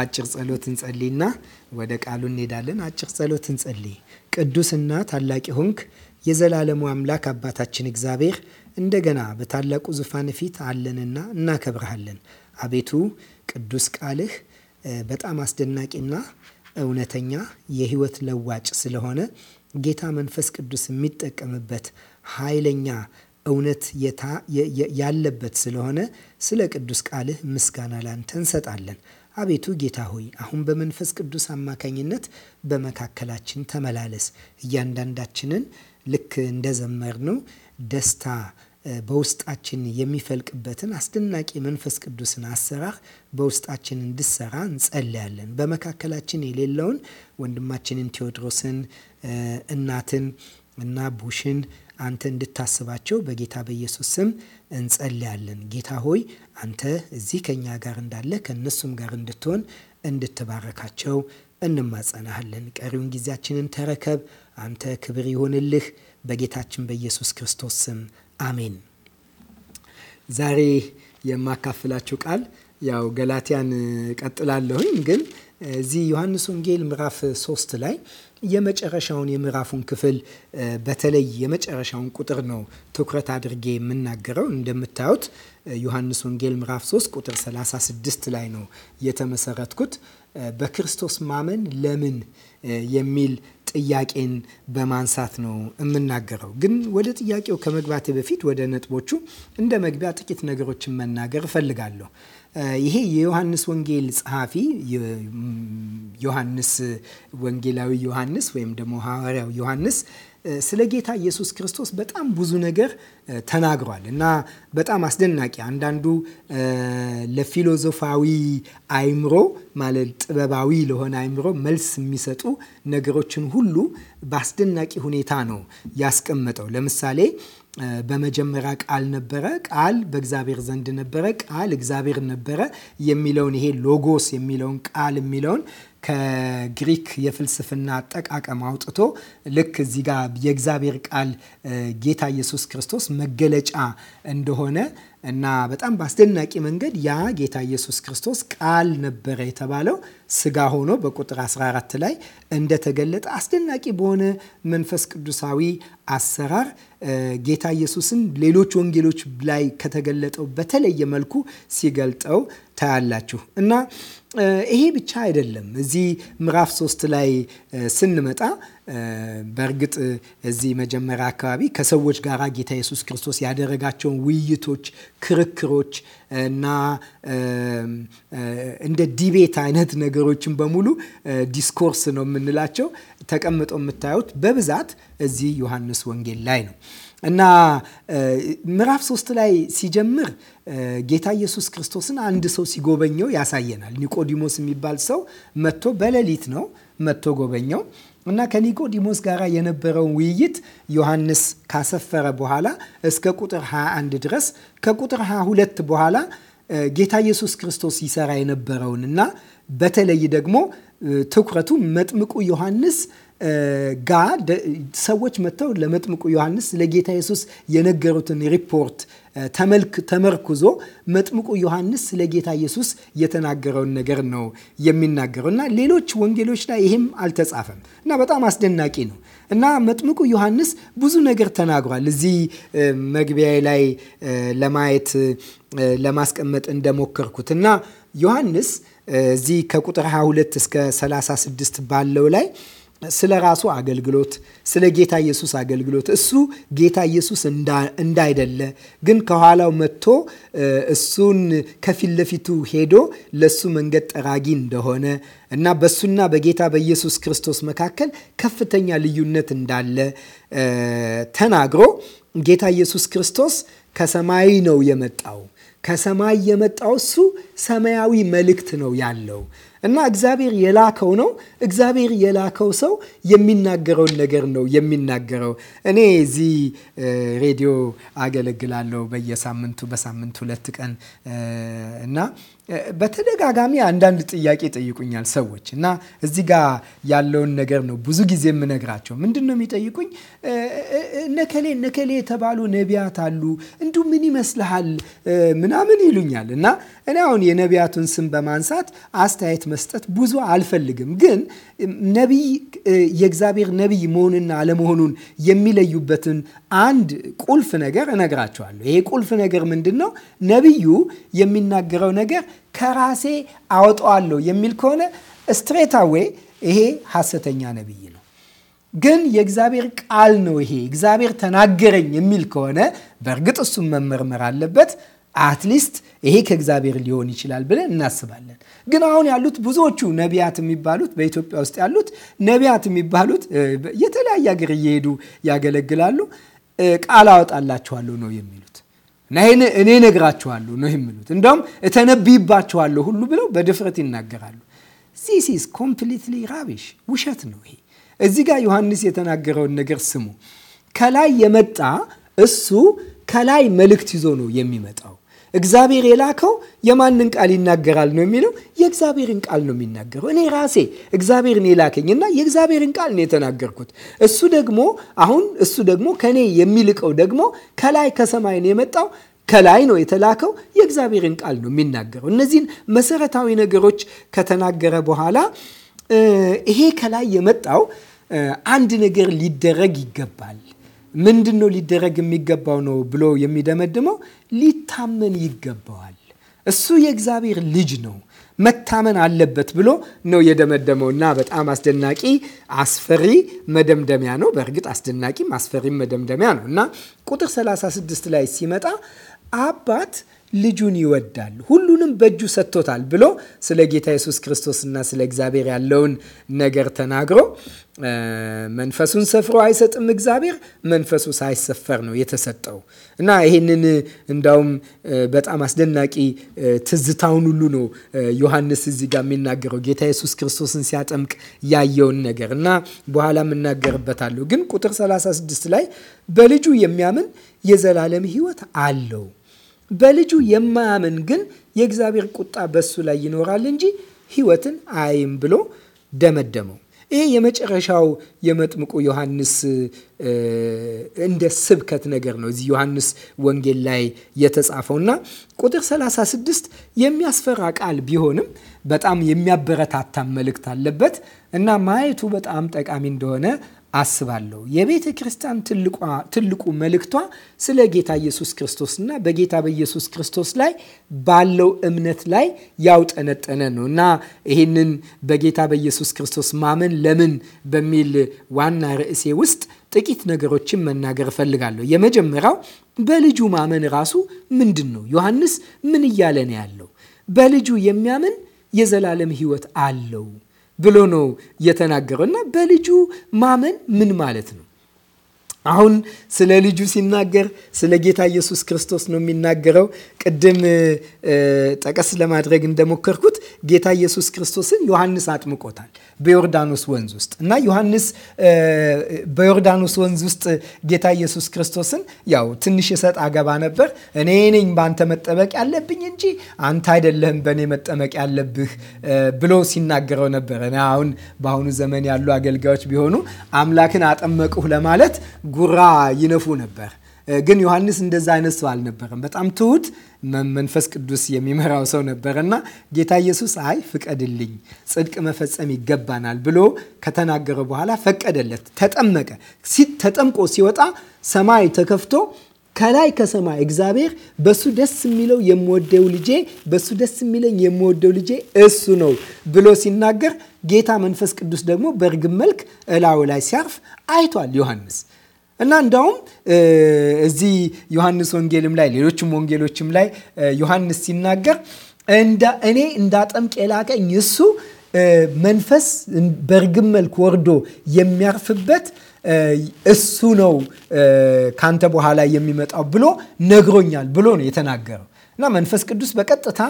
አጭር ጸሎት እንጸልይና ወደ ቃሉ እንሄዳለን። አጭር ጸሎት እንጸልይ። ቅዱስና ታላቅ ሆንክ የዘላለሙ አምላክ አባታችን እግዚአብሔር እንደገና በታላቁ ዙፋን ፊት አለንና እናከብረሃለን። አቤቱ ቅዱስ ቃልህ በጣም አስደናቂና እውነተኛ የህይወት ለዋጭ ስለሆነ ጌታ መንፈስ ቅዱስ የሚጠቀምበት ኃይለኛ እውነት ያለበት ስለሆነ ስለ ቅዱስ ቃልህ ምስጋና ላንተ እንሰጣለን። አቤቱ ጌታ ሆይ አሁን በመንፈስ ቅዱስ አማካኝነት በመካከላችን ተመላለስ። እያንዳንዳችንን ልክ ነው ደስታ በውስጣችን የሚፈልቅበትን አስደናቂ መንፈስ ቅዱስን አሰራር በውስጣችን እንድሰራ እንጸለያለን። በመካከላችን የሌለውን ወንድማችንን ቴዎድሮስን፣ እናትን እና ቡሽን አንተ እንድታስባቸው በጌታ በኢየሱስ ስም እንጸልያለን። ጌታ ሆይ አንተ እዚህ ከእኛ ጋር እንዳለ ከእነሱም ጋር እንድትሆን እንድትባረካቸው እንማጸናሃለን። ቀሪውን ጊዜያችንን ተረከብ። አንተ ክብር ይሆንልህ። በጌታችን በኢየሱስ ክርስቶስ ስም አሜን። ዛሬ የማካፍላችሁ ቃል ያው ገላትያን ቀጥላለሁኝ፣ ግን እዚህ ዮሐንስ ወንጌል ምዕራፍ ሶስት ላይ የመጨረሻውን የምዕራፉን ክፍል በተለይ የመጨረሻውን ቁጥር ነው ትኩረት አድርጌ የምናገረው። እንደምታዩት ዮሐንስ ወንጌል ምዕራፍ 3 ቁጥር 36 ላይ ነው የተመሰረትኩት። በክርስቶስ ማመን ለምን የሚል ጥያቄን በማንሳት ነው የምናገረው። ግን ወደ ጥያቄው ከመግባቴ በፊት ወደ ነጥቦቹ እንደ መግቢያ ጥቂት ነገሮችን መናገር እፈልጋለሁ። ይሄ የዮሐንስ ወንጌል ጸሐፊ ዮሐንስ ወንጌላዊ ዮሐንስ ወይም ደግሞ ሐዋርያው ዮሐንስ ስለ ጌታ ኢየሱስ ክርስቶስ በጣም ብዙ ነገር ተናግሯል እና በጣም አስደናቂ አንዳንዱ ለፊሎዞፋዊ አይምሮ ማለት ጥበባዊ ለሆነ አይምሮ መልስ የሚሰጡ ነገሮችን ሁሉ በአስደናቂ ሁኔታ ነው ያስቀመጠው። ለምሳሌ በመጀመሪያ ቃል ነበረ፣ ቃል በእግዚአብሔር ዘንድ ነበረ፣ ቃል እግዚአብሔር ነበረ የሚለውን ይሄ ሎጎስ የሚለውን ቃል የሚለውን ከግሪክ የፍልስፍና አጠቃቀም አውጥቶ ልክ እዚህ ጋር የእግዚአብሔር ቃል ጌታ ኢየሱስ ክርስቶስ መገለጫ እንደሆነ እና በጣም በአስደናቂ መንገድ ያ ጌታ ኢየሱስ ክርስቶስ ቃል ነበረ የተባለው ስጋ ሆኖ በቁጥር 14 ላይ እንደተገለጠ አስደናቂ በሆነ መንፈስ ቅዱሳዊ አሰራር ጌታ ኢየሱስን ሌሎች ወንጌሎች ላይ ከተገለጠው በተለየ መልኩ ሲገልጠው ታያላችሁ እና ይሄ ብቻ አይደለም። እዚህ ምዕራፍ ሶስት ላይ ስንመጣ በእርግጥ እዚህ መጀመሪያ አካባቢ ከሰዎች ጋር ጌታ ኢየሱስ ክርስቶስ ያደረጋቸውን ውይይቶች፣ ክርክሮች እና እንደ ዲቤት አይነት ነገሮችን በሙሉ ዲስኮርስ ነው የምንላቸው ተቀምጦ የምታዩት በብዛት እዚህ ዮሐንስ ወንጌል ላይ ነው እና ምዕራፍ ሶስት ላይ ሲጀምር ጌታ ኢየሱስ ክርስቶስን አንድ ሰው ሲጎበኘው ያሳየናል። ኒቆዲሞስ የሚባል ሰው መጥቶ በሌሊት ነው መጥቶ ጎበኘው። እና ከኒቆዲሞስ ጋር የነበረውን ውይይት ዮሐንስ ካሰፈረ በኋላ እስከ ቁጥር 21 ድረስ ከቁጥር 22 በኋላ ጌታ ኢየሱስ ክርስቶስ ይሰራ የነበረውን እና በተለይ ደግሞ ትኩረቱ መጥምቁ ዮሐንስ ጋ ሰዎች መጥተው ለመጥምቁ ዮሐንስ ለጌታ ኢየሱስ የነገሩትን ሪፖርት ተመልክ ተመርኩዞ መጥምቁ ዮሐንስ ለጌታ የሱስ ኢየሱስ የተናገረውን ነገር ነው የሚናገረው እና ሌሎች ወንጌሎች ላይ ይህም አልተጻፈም እና በጣም አስደናቂ ነው እና መጥምቁ ዮሐንስ ብዙ ነገር ተናግሯል። እዚህ መግቢያ ላይ ለማየት ለማስቀመጥ እንደሞከርኩት እና ዮሐንስ እዚህ ከቁጥር 22 እስከ 36 ባለው ላይ ስለ ራሱ አገልግሎት፣ ስለ ጌታ ኢየሱስ አገልግሎት እሱ ጌታ ኢየሱስ እንዳይደለ ግን ከኋላው መጥቶ እሱን ከፊት ለፊቱ ሄዶ ለሱ መንገድ ጠራጊ እንደሆነ እና በሱና በጌታ በኢየሱስ ክርስቶስ መካከል ከፍተኛ ልዩነት እንዳለ ተናግሮ ጌታ ኢየሱስ ክርስቶስ ከሰማይ ነው የመጣው። ከሰማይ የመጣው እሱ ሰማያዊ መልእክት ነው ያለው እና እግዚአብሔር የላከው ነው። እግዚአብሔር የላከው ሰው የሚናገረውን ነገር ነው የሚናገረው። እኔ እዚህ ሬዲዮ አገለግላለሁ በየሳምንቱ በሳምንት ሁለት ቀን እና በተደጋጋሚ አንዳንድ ጥያቄ ጠይቁኛል ሰዎች እና እዚህ ጋ ያለውን ነገር ነው ብዙ ጊዜ የምነግራቸው። ምንድን ነው የሚጠይቁኝ? ነከሌ ነከሌ የተባሉ ነቢያት አሉ እንዲሁ ምን ይመስልሃል ምናምን ይሉኛል። እና እኔ አሁን የነቢያቱን ስም በማንሳት አስተያየት መስጠት ብዙ አልፈልግም፣ ግን ነቢይ የእግዚአብሔር ነቢይ መሆንና አለመሆኑን የሚለዩበትን አንድ ቁልፍ ነገር እነግራቸዋለሁ። ይሄ ቁልፍ ነገር ምንድን ነው? ነቢዩ የሚናገረው ነገር ከራሴ አወጣዋለሁ የሚል ከሆነ አዌ ይሄ ሐሰተኛ ነቢይ ነው። ግን የእግዚአብሔር ቃል ነው ይሄ እግዚአብሔር ተናገረኝ የሚል ከሆነ በእርግጥ እሱም መመርመር አለበት። አትሊስት ይሄ ከእግዚአብሔር ሊሆን ይችላል ብለን እናስባለን። ግን አሁን ያሉት ብዙዎቹ ነቢያት የሚባሉት በኢትዮጵያ ውስጥ ያሉት ነቢያት የሚባሉት የተለያየ ሀገር እየሄዱ ያገለግላሉ። ቃል አወጣላችኋለሁ ነው የሚሉት። እና ይህን እኔ ነግራችኋለሁ ነው የሚሉት። እንደውም እተነብይባችኋለሁ ሁሉ ብለው በድፍረት ይናገራሉ። ዚስ ኢዝ ኮምፕሊትሊ ራቢሽ፣ ውሸት ነው ይሄ። እዚህ ጋር ዮሐንስ የተናገረውን ነገር ስሙ። ከላይ የመጣ እሱ ከላይ መልእክት ይዞ ነው የሚመጣው። እግዚአብሔር የላከው የማንን ቃል ይናገራል ነው የሚለው? የእግዚአብሔርን ቃል ነው የሚናገረው። እኔ ራሴ እግዚአብሔርን የላከኝና የእግዚአብሔርን ቃል ነው የተናገርኩት። እሱ ደግሞ አሁን እሱ ደግሞ ከኔ የሚልቀው ደግሞ ከላይ ከሰማይ ነው የመጣው ከላይ ነው የተላከው የእግዚአብሔርን ቃል ነው የሚናገረው። እነዚህን መሰረታዊ ነገሮች ከተናገረ በኋላ ይሄ ከላይ የመጣው አንድ ነገር ሊደረግ ይገባል ምንድን ነው ሊደረግ የሚገባው ነው ብሎ የሚደመድመው ሊታመን ይገባዋል። እሱ የእግዚአብሔር ልጅ ነው መታመን አለበት ብሎ ነው የደመደመው እና በጣም አስደናቂ አስፈሪ መደምደሚያ ነው። በእርግጥ አስደናቂም አስፈሪም መደምደሚያ ነው እና ቁጥር 36 ላይ ሲመጣ አባት ልጁን ይወዳል፣ ሁሉንም በእጁ ሰጥቶታል ብሎ ስለ ጌታ ኢየሱስ ክርስቶስና ስለ እግዚአብሔር ያለውን ነገር ተናግሮ መንፈሱን ሰፍሮ አይሰጥም እግዚአብሔር፣ መንፈሱ ሳይሰፈር ነው የተሰጠው እና ይሄንን እንዳውም በጣም አስደናቂ ትዝታውን ሁሉ ነው ዮሐንስ እዚህ ጋር የሚናገረው ጌታ ኢየሱስ ክርስቶስን ሲያጠምቅ ያየውን ነገር እና በኋላም የምናገርበታለሁ። ግን ቁጥር 36 ላይ በልጁ የሚያምን የዘላለም ሕይወት አለው በልጁ የማያምን ግን የእግዚአብሔር ቁጣ በሱ ላይ ይኖራል እንጂ ሕይወትን አይም ብሎ ደመደመው። ይሄ የመጨረሻው የመጥምቁ ዮሐንስ እንደ ስብከት ነገር ነው። እዚህ ዮሐንስ ወንጌል ላይ የተጻፈው እና ቁጥር 36 የሚያስፈራ ቃል ቢሆንም በጣም የሚያበረታታ መልእክት አለበት እና ማየቱ በጣም ጠቃሚ እንደሆነ አስባለሁ። የቤተ ክርስቲያን ትልቁ መልእክቷ ስለ ጌታ ኢየሱስ እና በጌታ በኢየሱስ ክርስቶስ ላይ ባለው እምነት ላይ ያውጠነጠነ ነው እና ይህንን በጌታ በኢየሱስ ክርስቶስ ማመን ለምን በሚል ዋና ርዕሴ ውስጥ ጥቂት ነገሮችን መናገር እፈልጋለሁ። የመጀመሪያው በልጁ ማመን ራሱ ምንድን ነው? ዮሐንስ ምን እያለ ነው ያለው? በልጁ የሚያምን የዘላለም ሕይወት አለው ብሎ ነው የተናገረው እና በልጁ ማመን ምን ማለት ነው? አሁን ስለ ልጁ ሲናገር ስለ ጌታ ኢየሱስ ክርስቶስ ነው የሚናገረው። ቅድም ጠቀስ ለማድረግ እንደሞከርኩት ጌታ ኢየሱስ ክርስቶስን ዮሐንስ አጥምቆታል በዮርዳኖስ ወንዝ ውስጥ እና ዮሐንስ በዮርዳኖስ ወንዝ ውስጥ ጌታ ኢየሱስ ክርስቶስን ያው ትንሽ እሰጥ አገባ ነበር። እኔ ነኝ በአንተ መጠመቅ ያለብኝ እንጂ አንተ አይደለህም በእኔ መጠመቅ ያለብህ ብሎ ሲናገረው ነበር። እኔ አሁን በአሁኑ ዘመን ያሉ አገልጋዮች ቢሆኑ አምላክን አጠመቅሁ ለማለት ጉራ ይነፉ ነበር። ግን ዮሐንስ እንደዛ አይነት ሰው አልነበረም። በጣም ትሁት መንፈስ ቅዱስ የሚመራው ሰው ነበር እና ጌታ ኢየሱስ አይ ፍቀድልኝ፣ ጽድቅ መፈጸም ይገባናል ብሎ ከተናገረ በኋላ ፈቀደለት። ተጠመቀ። ተጠምቆ ሲወጣ ሰማይ ተከፍቶ ከላይ ከሰማይ እግዚአብሔር በሱ ደስ የሚለው የምወደው ልጄ በሱ ደስ የሚለኝ የምወደው ልጄ እሱ ነው ብሎ ሲናገር ጌታ መንፈስ ቅዱስ ደግሞ በእርግብ መልክ እላዩ ላይ ሲያርፍ አይቷል ዮሐንስ። እና እንዳውም እዚህ ዮሐንስ ወንጌልም ላይ ሌሎችም ወንጌሎችም ላይ ዮሐንስ ሲናገር እኔ እንዳጠምቅ የላከኝ እሱ መንፈስ በእርግብ መልክ ወርዶ የሚያርፍበት እሱ ነው ካንተ በኋላ የሚመጣው ብሎ ነግሮኛል ብሎ ነው የተናገረው። እና መንፈስ ቅዱስ በቀጥታ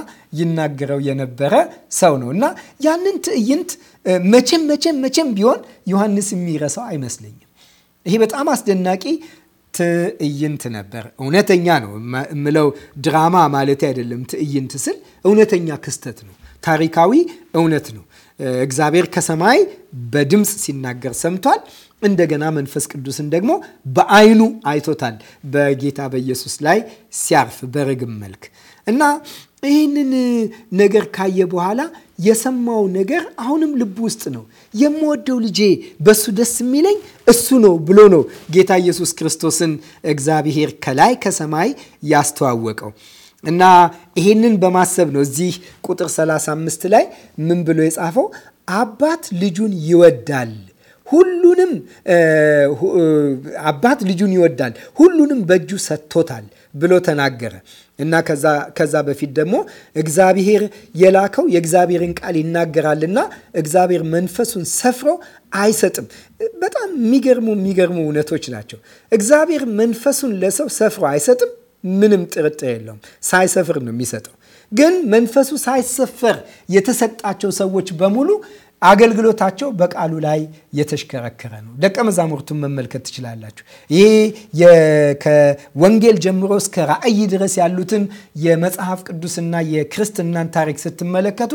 ይናገረው የነበረ ሰው ነው እና ያንን ትዕይንት መቼም መቼም መቼም ቢሆን ዮሐንስ የሚረሳው አይመስለኝም። ይሄ በጣም አስደናቂ ትዕይንት ነበር። እውነተኛ ነው የምለው ድራማ ማለት አይደለም። ትዕይንት ስል እውነተኛ ክስተት ነው፣ ታሪካዊ እውነት ነው። እግዚአብሔር ከሰማይ በድምፅ ሲናገር ሰምቷል። እንደገና መንፈስ ቅዱስን ደግሞ በአይኑ አይቶታል በጌታ በኢየሱስ ላይ ሲያርፍ በርግብ መልክ እና ይህንን ነገር ካየ በኋላ የሰማው ነገር አሁንም ልብ ውስጥ ነው። የምወደው ልጄ በሱ ደስ የሚለኝ እሱ ነው ብሎ ነው ጌታ ኢየሱስ ክርስቶስን እግዚአብሔር ከላይ ከሰማይ ያስተዋወቀው እና ይህንን በማሰብ ነው እዚህ ቁጥር 35 ላይ ምን ብሎ የጻፈው አባት ልጁን ይወዳል ሁሉንም አባት ልጁን ይወዳል፣ ሁሉንም በእጁ ሰጥቶታል ብሎ ተናገረ እና ከዛ በፊት ደግሞ እግዚአብሔር የላከው የእግዚአብሔርን ቃል ይናገራልና እግዚአብሔር መንፈሱን ሰፍሮ አይሰጥም። በጣም የሚገርሙ የሚገርሙ እውነቶች ናቸው። እግዚአብሔር መንፈሱን ለሰው ሰፍሮ አይሰጥም። ምንም ጥርጥር የለውም። ሳይሰፍር ነው የሚሰጠው። ግን መንፈሱ ሳይሰፈር የተሰጣቸው ሰዎች በሙሉ አገልግሎታቸው በቃሉ ላይ የተሽከረከረ ነው። ደቀ መዛሙርቱን መመልከት ትችላላችሁ። ይህ ከወንጌል ጀምሮ እስከ ራእይ ድረስ ያሉትን የመጽሐፍ ቅዱስና የክርስትናን ታሪክ ስትመለከቱ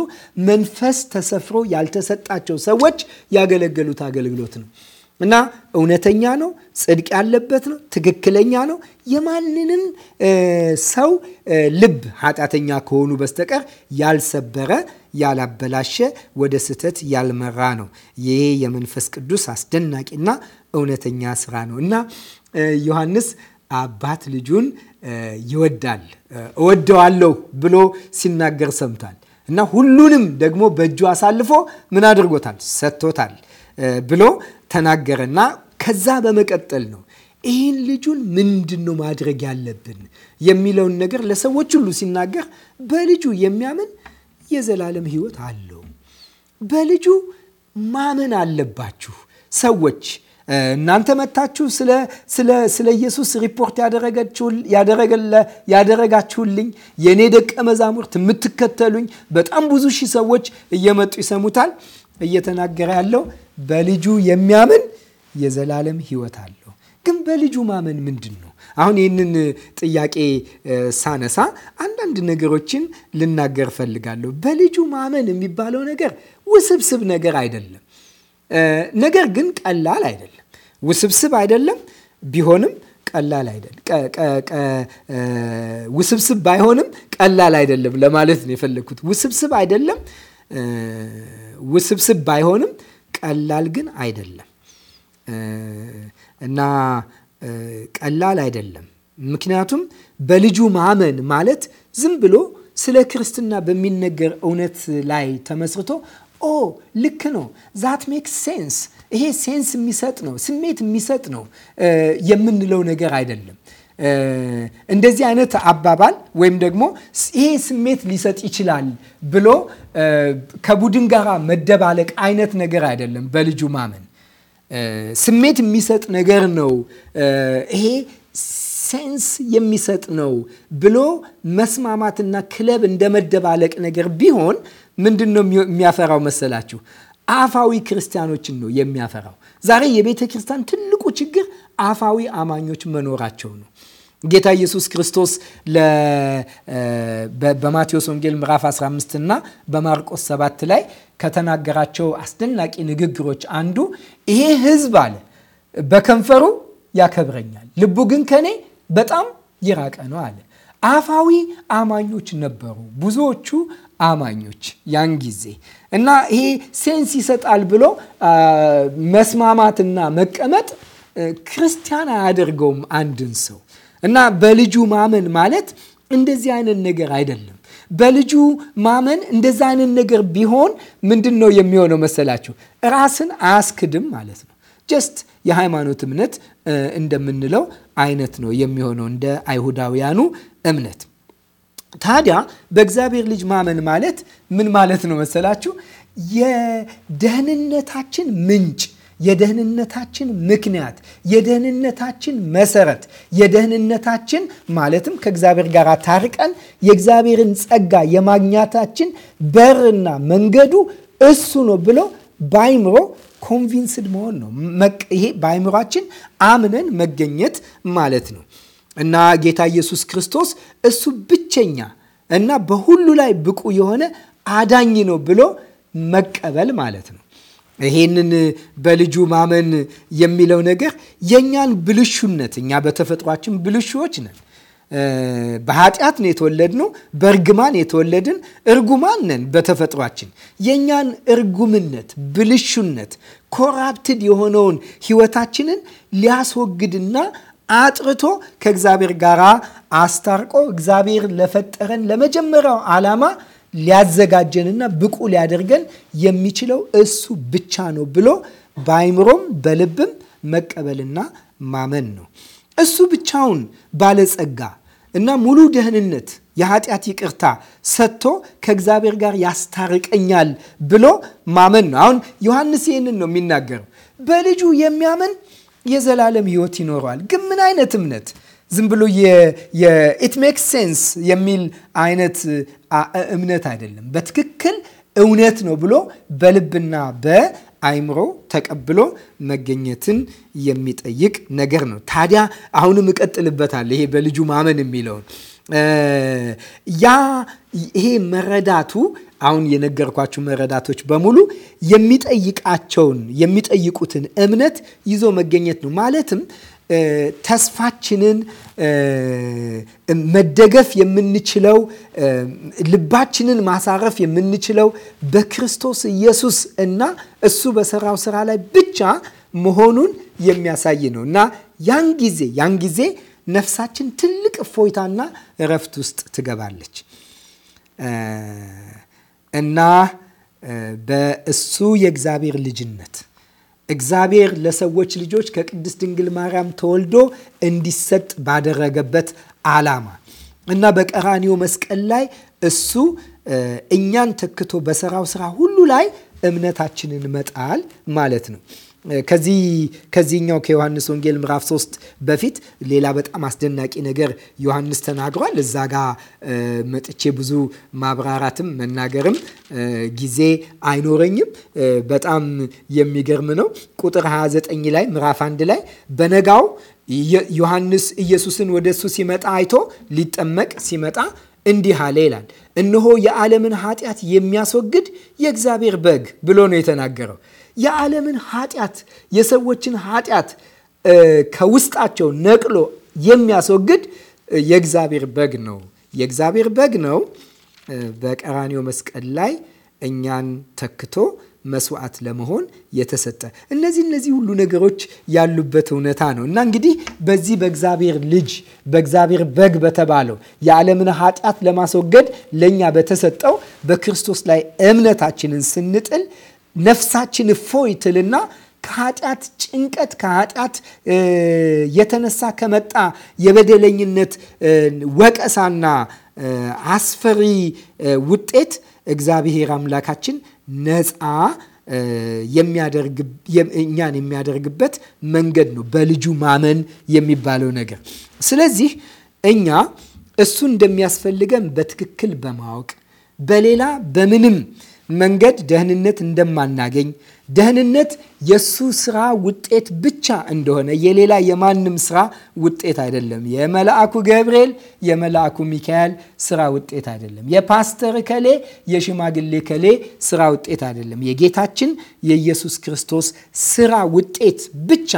መንፈስ ተሰፍሮ ያልተሰጣቸው ሰዎች ያገለገሉት አገልግሎት ነው እና እውነተኛ ነው፣ ጽድቅ ያለበት ነው፣ ትክክለኛ ነው። የማንንም ሰው ልብ ኃጢአተኛ ከሆኑ በስተቀር ያልሰበረ ያላበላሸ፣ ወደ ስህተት ያልመራ ነው። ይሄ የመንፈስ ቅዱስ አስደናቂና እውነተኛ ስራ ነው እና ዮሐንስ አባት ልጁን ይወዳል፣ እወደዋለሁ ብሎ ሲናገር ሰምቷል እና ሁሉንም ደግሞ በእጁ አሳልፎ ምን አድርጎታል? ሰጥቶታል ብሎ ተናገረና ከዛ በመቀጠል ነው ይህን ልጁን ምንድን ነው ማድረግ ያለብን የሚለውን ነገር ለሰዎች ሁሉ ሲናገር በልጁ የሚያምን የዘላለም ሕይወት አለው። በልጁ ማመን አለባችሁ ሰዎች። እናንተ መታችሁ ስለ ኢየሱስ ሪፖርት ያደረጋችሁልኝ የእኔ ደቀ መዛሙርት የምትከተሉኝ በጣም ብዙ ሺህ ሰዎች እየመጡ ይሰሙታል። እየተናገረ ያለው በልጁ የሚያምን የዘላለም ህይወት አለው። ግን በልጁ ማመን ምንድን ነው? አሁን ይህንን ጥያቄ ሳነሳ አንዳንድ ነገሮችን ልናገር ፈልጋለሁ። በልጁ ማመን የሚባለው ነገር ውስብስብ ነገር አይደለም፣ ነገር ግን ቀላል አይደለም። ውስብስብ አይደለም ቢሆንም ቀላል አይደለም። ውስብስብ ባይሆንም ቀላል አይደለም ለማለት ነው የፈለግኩት። ውስብስብ አይደለም፣ ውስብስብ ባይሆንም ቀላል ግን አይደለም እና ቀላል አይደለም። ምክንያቱም በልጁ ማመን ማለት ዝም ብሎ ስለ ክርስትና በሚነገር እውነት ላይ ተመስርቶ ኦ ልክ ነው ዛት ሜክ ሴንስ ይሄ ሴንስ የሚሰጥ ነው ስሜት የሚሰጥ ነው የምንለው ነገር አይደለም። እንደዚህ አይነት አባባል ወይም ደግሞ ይሄ ስሜት ሊሰጥ ይችላል ብሎ ከቡድን ጋር መደባለቅ አይነት ነገር አይደለም በልጁ ማመን ስሜት የሚሰጥ ነገር ነው ይሄ ሴንስ የሚሰጥ ነው ብሎ መስማማትና ክለብ እንደ መደባለቅ ነገር ቢሆን ምንድን ነው የሚያፈራው መሰላችሁ? አፋዊ ክርስቲያኖችን ነው የሚያፈራው። ዛሬ የቤተ ክርስቲያን ትልቁ ችግር አፋዊ አማኞች መኖራቸው ነው። ጌታ ኢየሱስ ክርስቶስ በማቴዎስ ወንጌል ምዕራፍ 15 እና በማርቆስ 7 ላይ ከተናገራቸው አስደናቂ ንግግሮች አንዱ ይሄ ሕዝብ አለ በከንፈሩ ያከብረኛል፣ ልቡ ግን ከኔ በጣም የራቀ ነው አለ። አፋዊ አማኞች ነበሩ ብዙዎቹ አማኞች ያን ጊዜ እና ይሄ ሴንስ ይሰጣል ብሎ መስማማትና መቀመጥ ክርስቲያን አያደርገውም አንድን ሰው እና በልጁ ማመን ማለት እንደዚህ አይነት ነገር አይደለም። በልጁ ማመን እንደዚህ አይነት ነገር ቢሆን ምንድን ነው የሚሆነው መሰላችሁ? ራስን አያስክድም ማለት ነው። ጀስት የሃይማኖት እምነት እንደምንለው አይነት ነው የሚሆነው እንደ አይሁዳውያኑ እምነት። ታዲያ በእግዚአብሔር ልጅ ማመን ማለት ምን ማለት ነው መሰላችሁ? የደህንነታችን ምንጭ የደህንነታችን ምክንያት፣ የደህንነታችን መሰረት፣ የደህንነታችን ማለትም ከእግዚአብሔር ጋር ታርቀን የእግዚአብሔርን ጸጋ የማግኛታችን በርና መንገዱ እሱ ነው ብሎ በአይምሮ ኮንቪንስድ መሆን ነው። ይሄ በአይምሯችን አምነን መገኘት ማለት ነው እና ጌታ ኢየሱስ ክርስቶስ እሱ ብቸኛ እና በሁሉ ላይ ብቁ የሆነ አዳኝ ነው ብሎ መቀበል ማለት ነው። ይሄንን በልጁ ማመን የሚለው ነገር የእኛን ብልሹነት እኛ በተፈጥሯችን ብልሹዎች ነን። በኃጢአት ነው የተወለድነው። በእርግማን የተወለድን እርጉማን ነን በተፈጥሯችን። የእኛን እርጉምነት፣ ብልሹነት፣ ኮራፕትድ የሆነውን ህይወታችንን ሊያስወግድና አጥርቶ ከእግዚአብሔር ጋር አስታርቆ እግዚአብሔር ለፈጠረን ለመጀመሪያው ዓላማ ሊያዘጋጀንና ብቁ ሊያደርገን የሚችለው እሱ ብቻ ነው ብሎ በአይምሮም በልብም መቀበልና ማመን ነው። እሱ ብቻውን ባለጸጋ እና ሙሉ ደህንነት የኃጢአት ይቅርታ ሰጥቶ ከእግዚአብሔር ጋር ያስታርቀኛል ብሎ ማመን ነው። አሁን ዮሐንስ ይህንን ነው የሚናገረው። በልጁ የሚያምን የዘላለም ሕይወት ይኖረዋል። ግን ምን አይነት እምነት? ዝም ብሎ ኢት ሜክስ ሴንስ የሚል አይነት እምነት አይደለም፣ በትክክል እውነት ነው ብሎ በልብና በአይምሮ ተቀብሎ መገኘትን የሚጠይቅ ነገር ነው። ታዲያ አሁንም እቀጥልበታለሁ ይሄ በልጁ ማመን የሚለውን ያ ይሄ መረዳቱ አሁን የነገርኳችሁ መረዳቶች በሙሉ የሚጠይቃቸውን የሚጠይቁትን እምነት ይዞ መገኘት ነው ማለትም ተስፋችንን መደገፍ የምንችለው ልባችንን ማሳረፍ የምንችለው በክርስቶስ ኢየሱስ እና እሱ በሰራው ስራ ላይ ብቻ መሆኑን የሚያሳይ ነው እና ያን ጊዜ ያን ጊዜ ነፍሳችን ትልቅ እፎይታና እረፍት ውስጥ ትገባለች እና በእሱ የእግዚአብሔር ልጅነት እግዚአብሔር ለሰዎች ልጆች ከቅድስት ድንግል ማርያም ተወልዶ እንዲሰጥ ባደረገበት ዓላማ እና በቀራኒው መስቀል ላይ እሱ እኛን ተክቶ በሰራው ስራ ሁሉ ላይ እምነታችንን መጣል ማለት ነው። ከዚህ ከዚህኛው ከዮሐንስ ወንጌል ምዕራፍ 3 በፊት ሌላ በጣም አስደናቂ ነገር ዮሐንስ ተናግሯል። እዛ ጋ መጥቼ ብዙ ማብራራትም መናገርም ጊዜ አይኖረኝም። በጣም የሚገርም ነው። ቁጥር 29 ላይ ምዕራፍ 1 ላይ በነጋው ዮሐንስ ኢየሱስን ወደ እሱ ሲመጣ አይቶ ሊጠመቅ ሲመጣ እንዲህ አለ ይላል። እነሆ የዓለምን ኃጢአት የሚያስወግድ የእግዚአብሔር በግ ብሎ ነው የተናገረው። የዓለምን ኃጢአት የሰዎችን ኃጢአት ከውስጣቸው ነቅሎ የሚያስወግድ የእግዚአብሔር በግ ነው። የእግዚአብሔር በግ ነው። በቀራንዮ መስቀል ላይ እኛን ተክቶ መስዋዕት ለመሆን የተሰጠ እነዚህ እነዚህ ሁሉ ነገሮች ያሉበት እውነታ ነው እና እንግዲህ በዚህ በእግዚአብሔር ልጅ በእግዚአብሔር በግ በተባለው የዓለምን ኃጢአት ለማስወገድ ለእኛ በተሰጠው በክርስቶስ ላይ እምነታችንን ስንጥል ነፍሳችን እፎይ ትልና ከኃጢአት ጭንቀት ከኃጢአት የተነሳ ከመጣ የበደለኝነት ወቀሳና አስፈሪ ውጤት እግዚአብሔር አምላካችን ነፃ እኛን የሚያደርግበት መንገድ ነው በልጁ ማመን የሚባለው ነገር። ስለዚህ እኛ እሱ እንደሚያስፈልገን በትክክል በማወቅ በሌላ በምንም መንገድ ደህንነት እንደማናገኝ፣ ደህንነት የእሱ ስራ ውጤት ብቻ እንደሆነ የሌላ የማንም ስራ ውጤት አይደለም። የመልአኩ ገብርኤል፣ የመልአኩ ሚካኤል ስራ ውጤት አይደለም። የፓስተር ከሌ፣ የሽማግሌ ከሌ ስራ ውጤት አይደለም። የጌታችን የኢየሱስ ክርስቶስ ስራ ውጤት ብቻ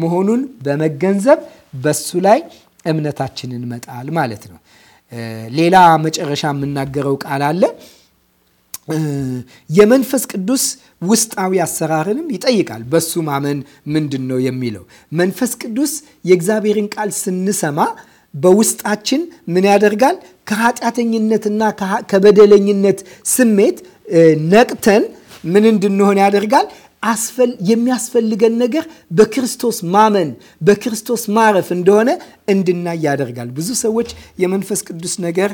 መሆኑን በመገንዘብ በሱ ላይ እምነታችንን መጣል ማለት ነው። ሌላ መጨረሻ የምናገረው ቃል አለ የመንፈስ ቅዱስ ውስጣዊ አሰራርንም ይጠይቃል። በሱ ማመን ምንድን ነው የሚለው መንፈስ ቅዱስ የእግዚአብሔርን ቃል ስንሰማ በውስጣችን ምን ያደርጋል? ከኃጢአተኝነትና ከበደለኝነት ስሜት ነቅተን ምን እንድንሆን ያደርጋል? የሚያስፈልገን ነገር በክርስቶስ ማመን በክርስቶስ ማረፍ እንደሆነ እንድናይ ያደርጋል። ብዙ ሰዎች የመንፈስ ቅዱስ ነገር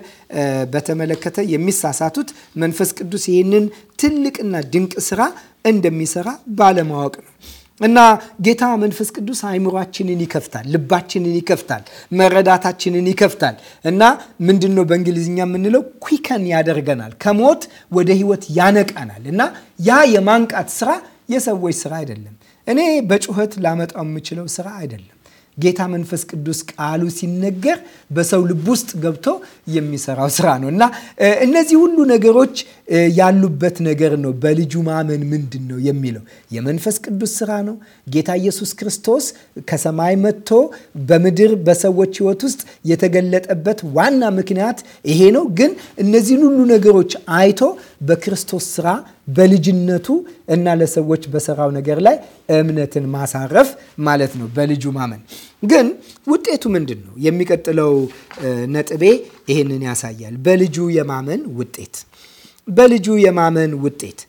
በተመለከተ የሚሳሳቱት መንፈስ ቅዱስ ይህንን ትልቅና ድንቅ ስራ እንደሚሰራ ባለማወቅ ነው። እና ጌታ መንፈስ ቅዱስ አይምሯችንን ይከፍታል፣ ልባችንን ይከፍታል፣ መረዳታችንን ይከፍታል። እና ምንድን ነው በእንግሊዝኛ የምንለው ኩከን ያደርገናል፣ ከሞት ወደ ህይወት ያነቃናል። እና ያ የማንቃት ስራ የሰዎች ስራ አይደለም። እኔ በጩኸት ላመጣው የምችለው ስራ አይደለም። ጌታ መንፈስ ቅዱስ ቃሉ ሲነገር በሰው ልብ ውስጥ ገብቶ የሚሰራው ስራ ነው እና እነዚህ ሁሉ ነገሮች ያሉበት ነገር ነው። በልጁ ማመን ምንድን ነው የሚለው የመንፈስ ቅዱስ ስራ ነው። ጌታ ኢየሱስ ክርስቶስ ከሰማይ መጥቶ በምድር በሰዎች ሕይወት ውስጥ የተገለጠበት ዋና ምክንያት ይሄ ነው። ግን እነዚህን ሁሉ ነገሮች አይቶ በክርስቶስ ስራ በልጅነቱ እና ለሰዎች በሰራው ነገር ላይ እምነትን ማሳረፍ ማለት ነው፣ በልጁ ማመን። ግን ውጤቱ ምንድን ነው? የሚቀጥለው ነጥቤ ይህንን ያሳያል። በልጁ የማመን ውጤት በልጁ የማመን ውጤት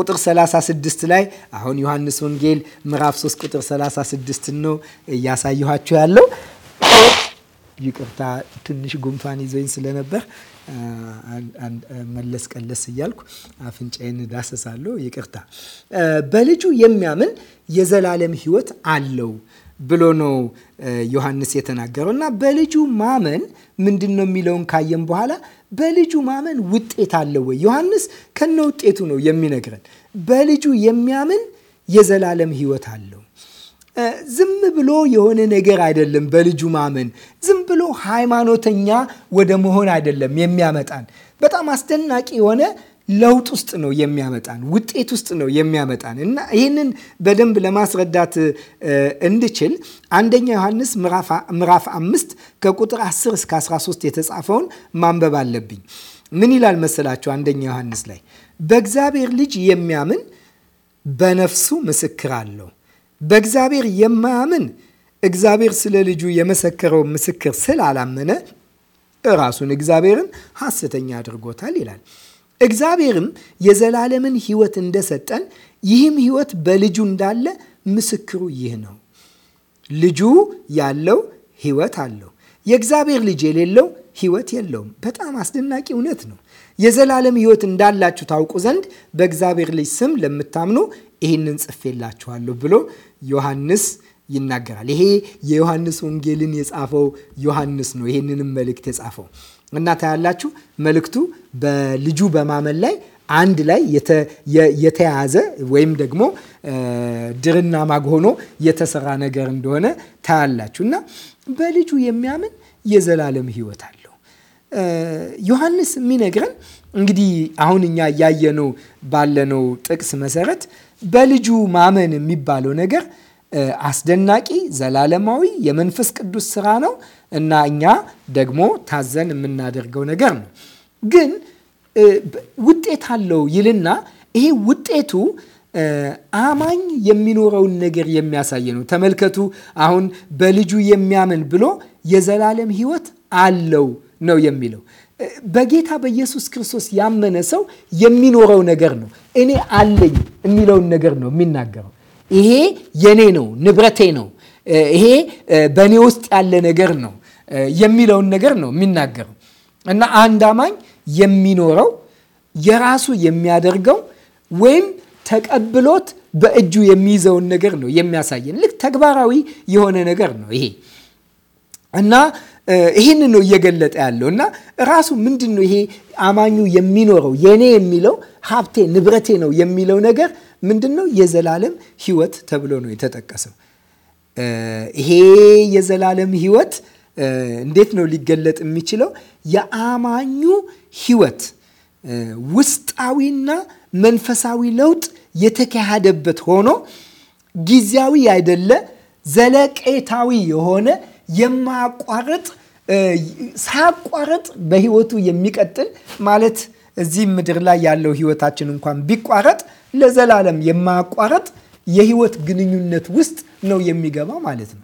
ቁጥር 36 ላይ አሁን ዮሐንስ ወንጌል ምዕራፍ 3 ቁጥር 36 ነው እያሳየኋችሁ ያለው። ይቅርታ ትንሽ ጉንፋን ይዞኝ ስለነበር መለስ ቀለስ እያልኩ አፍንጫዬን ዳሰሳለሁ። ይቅርታ። በልጁ የሚያምን የዘላለም ሕይወት አለው ብሎ ነው ዮሐንስ የተናገረው እና በልጁ ማመን ምንድን ነው የሚለውን ካየን በኋላ በልጁ ማመን ውጤት አለው ወይ? ዮሐንስ ከነ ውጤቱ ነው የሚነግረን። በልጁ የሚያምን የዘላለም ሕይወት አለው። ዝም ብሎ የሆነ ነገር አይደለም። በልጁ ማመን ዝም ብሎ ሃይማኖተኛ ወደ መሆን አይደለም የሚያመጣን። በጣም አስደናቂ የሆነ ለውጥ ውስጥ ነው የሚያመጣን፣ ውጤት ውስጥ ነው የሚያመጣን እና ይህንን በደንብ ለማስረዳት እንድችል አንደኛ ዮሐንስ ምዕራፍ አምስት ከቁጥር 10 እስከ 13 የተጻፈውን ማንበብ አለብኝ። ምን ይላል መሰላችሁ? አንደኛ ዮሐንስ ላይ በእግዚአብሔር ልጅ የሚያምን በነፍሱ ምስክር አለው። በእግዚአብሔር የማያምን እግዚአብሔር ስለ ልጁ የመሰከረው ምስክር ስላላመነ ራሱን እግዚአብሔርን ሐሰተኛ አድርጎታል ይላል። እግዚአብሔርም የዘላለምን ሕይወት እንደሰጠን ይህም ሕይወት በልጁ እንዳለ ምስክሩ ይህ ነው። ልጁ ያለው ሕይወት አለው። የእግዚአብሔር ልጅ የሌለው ሕይወት የለውም። በጣም አስደናቂ እውነት ነው። የዘላለም ሕይወት እንዳላችሁ ታውቁ ዘንድ በእግዚአብሔር ልጅ ስም ለምታምኑ ይህንን ጽፌላችኋለሁ ብሎ ዮሐንስ ይናገራል። ይሄ የዮሐንስ ወንጌልን የጻፈው ዮሐንስ ነው። ይህንንም መልእክት የጻፈው እና ታያላችሁ መልእክቱ በልጁ በማመን ላይ አንድ ላይ የተያዘ ወይም ደግሞ ድርና ማግ ሆኖ የተሰራ ነገር እንደሆነ ታያላችሁ እና በልጁ የሚያምን የዘላለም ሕይወት አለው። ዮሐንስ የሚነግረን እንግዲህ አሁን እኛ እያየነው ባለነው ጥቅስ መሰረት በልጁ ማመን የሚባለው ነገር አስደናቂ ዘላለማዊ የመንፈስ ቅዱስ ስራ ነው። እና እኛ ደግሞ ታዘን የምናደርገው ነገር ነው። ግን ውጤት አለው ይልና ይሄ ውጤቱ አማኝ የሚኖረውን ነገር የሚያሳይ ነው። ተመልከቱ፣ አሁን በልጁ የሚያምን ብሎ የዘላለም ሕይወት አለው ነው የሚለው። በጌታ በኢየሱስ ክርስቶስ ያመነ ሰው የሚኖረው ነገር ነው። እኔ አለኝ የሚለውን ነገር ነው የሚናገረው። ይሄ የኔ ነው፣ ንብረቴ ነው፣ ይሄ በእኔ ውስጥ ያለ ነገር ነው የሚለውን ነገር ነው የሚናገረው እና አንድ አማኝ የሚኖረው የራሱ የሚያደርገው ወይም ተቀብሎት በእጁ የሚይዘውን ነገር ነው የሚያሳየን። ልክ ተግባራዊ የሆነ ነገር ነው ይሄ እና ይህን ነው እየገለጠ ያለው እና ራሱ ምንድን ነው ይሄ አማኙ የሚኖረው የኔ የሚለው ሀብቴ ንብረቴ ነው የሚለው ነገር ምንድን ነው? የዘላለም ሕይወት ተብሎ ነው የተጠቀሰው። ይሄ የዘላለም ሕይወት እንዴት ነው ሊገለጥ የሚችለው? የአማኙ ህይወት ውስጣዊና መንፈሳዊ ለውጥ የተካሄደበት ሆኖ ጊዜያዊ አይደለ፣ ዘለቄታዊ የሆነ የማያቋርጥ ሳያቋርጥ በህይወቱ የሚቀጥል ማለት እዚህ ምድር ላይ ያለው ህይወታችን እንኳን ቢቋረጥ ለዘላለም የማያቋርጥ የህይወት ግንኙነት ውስጥ ነው የሚገባ ማለት ነው።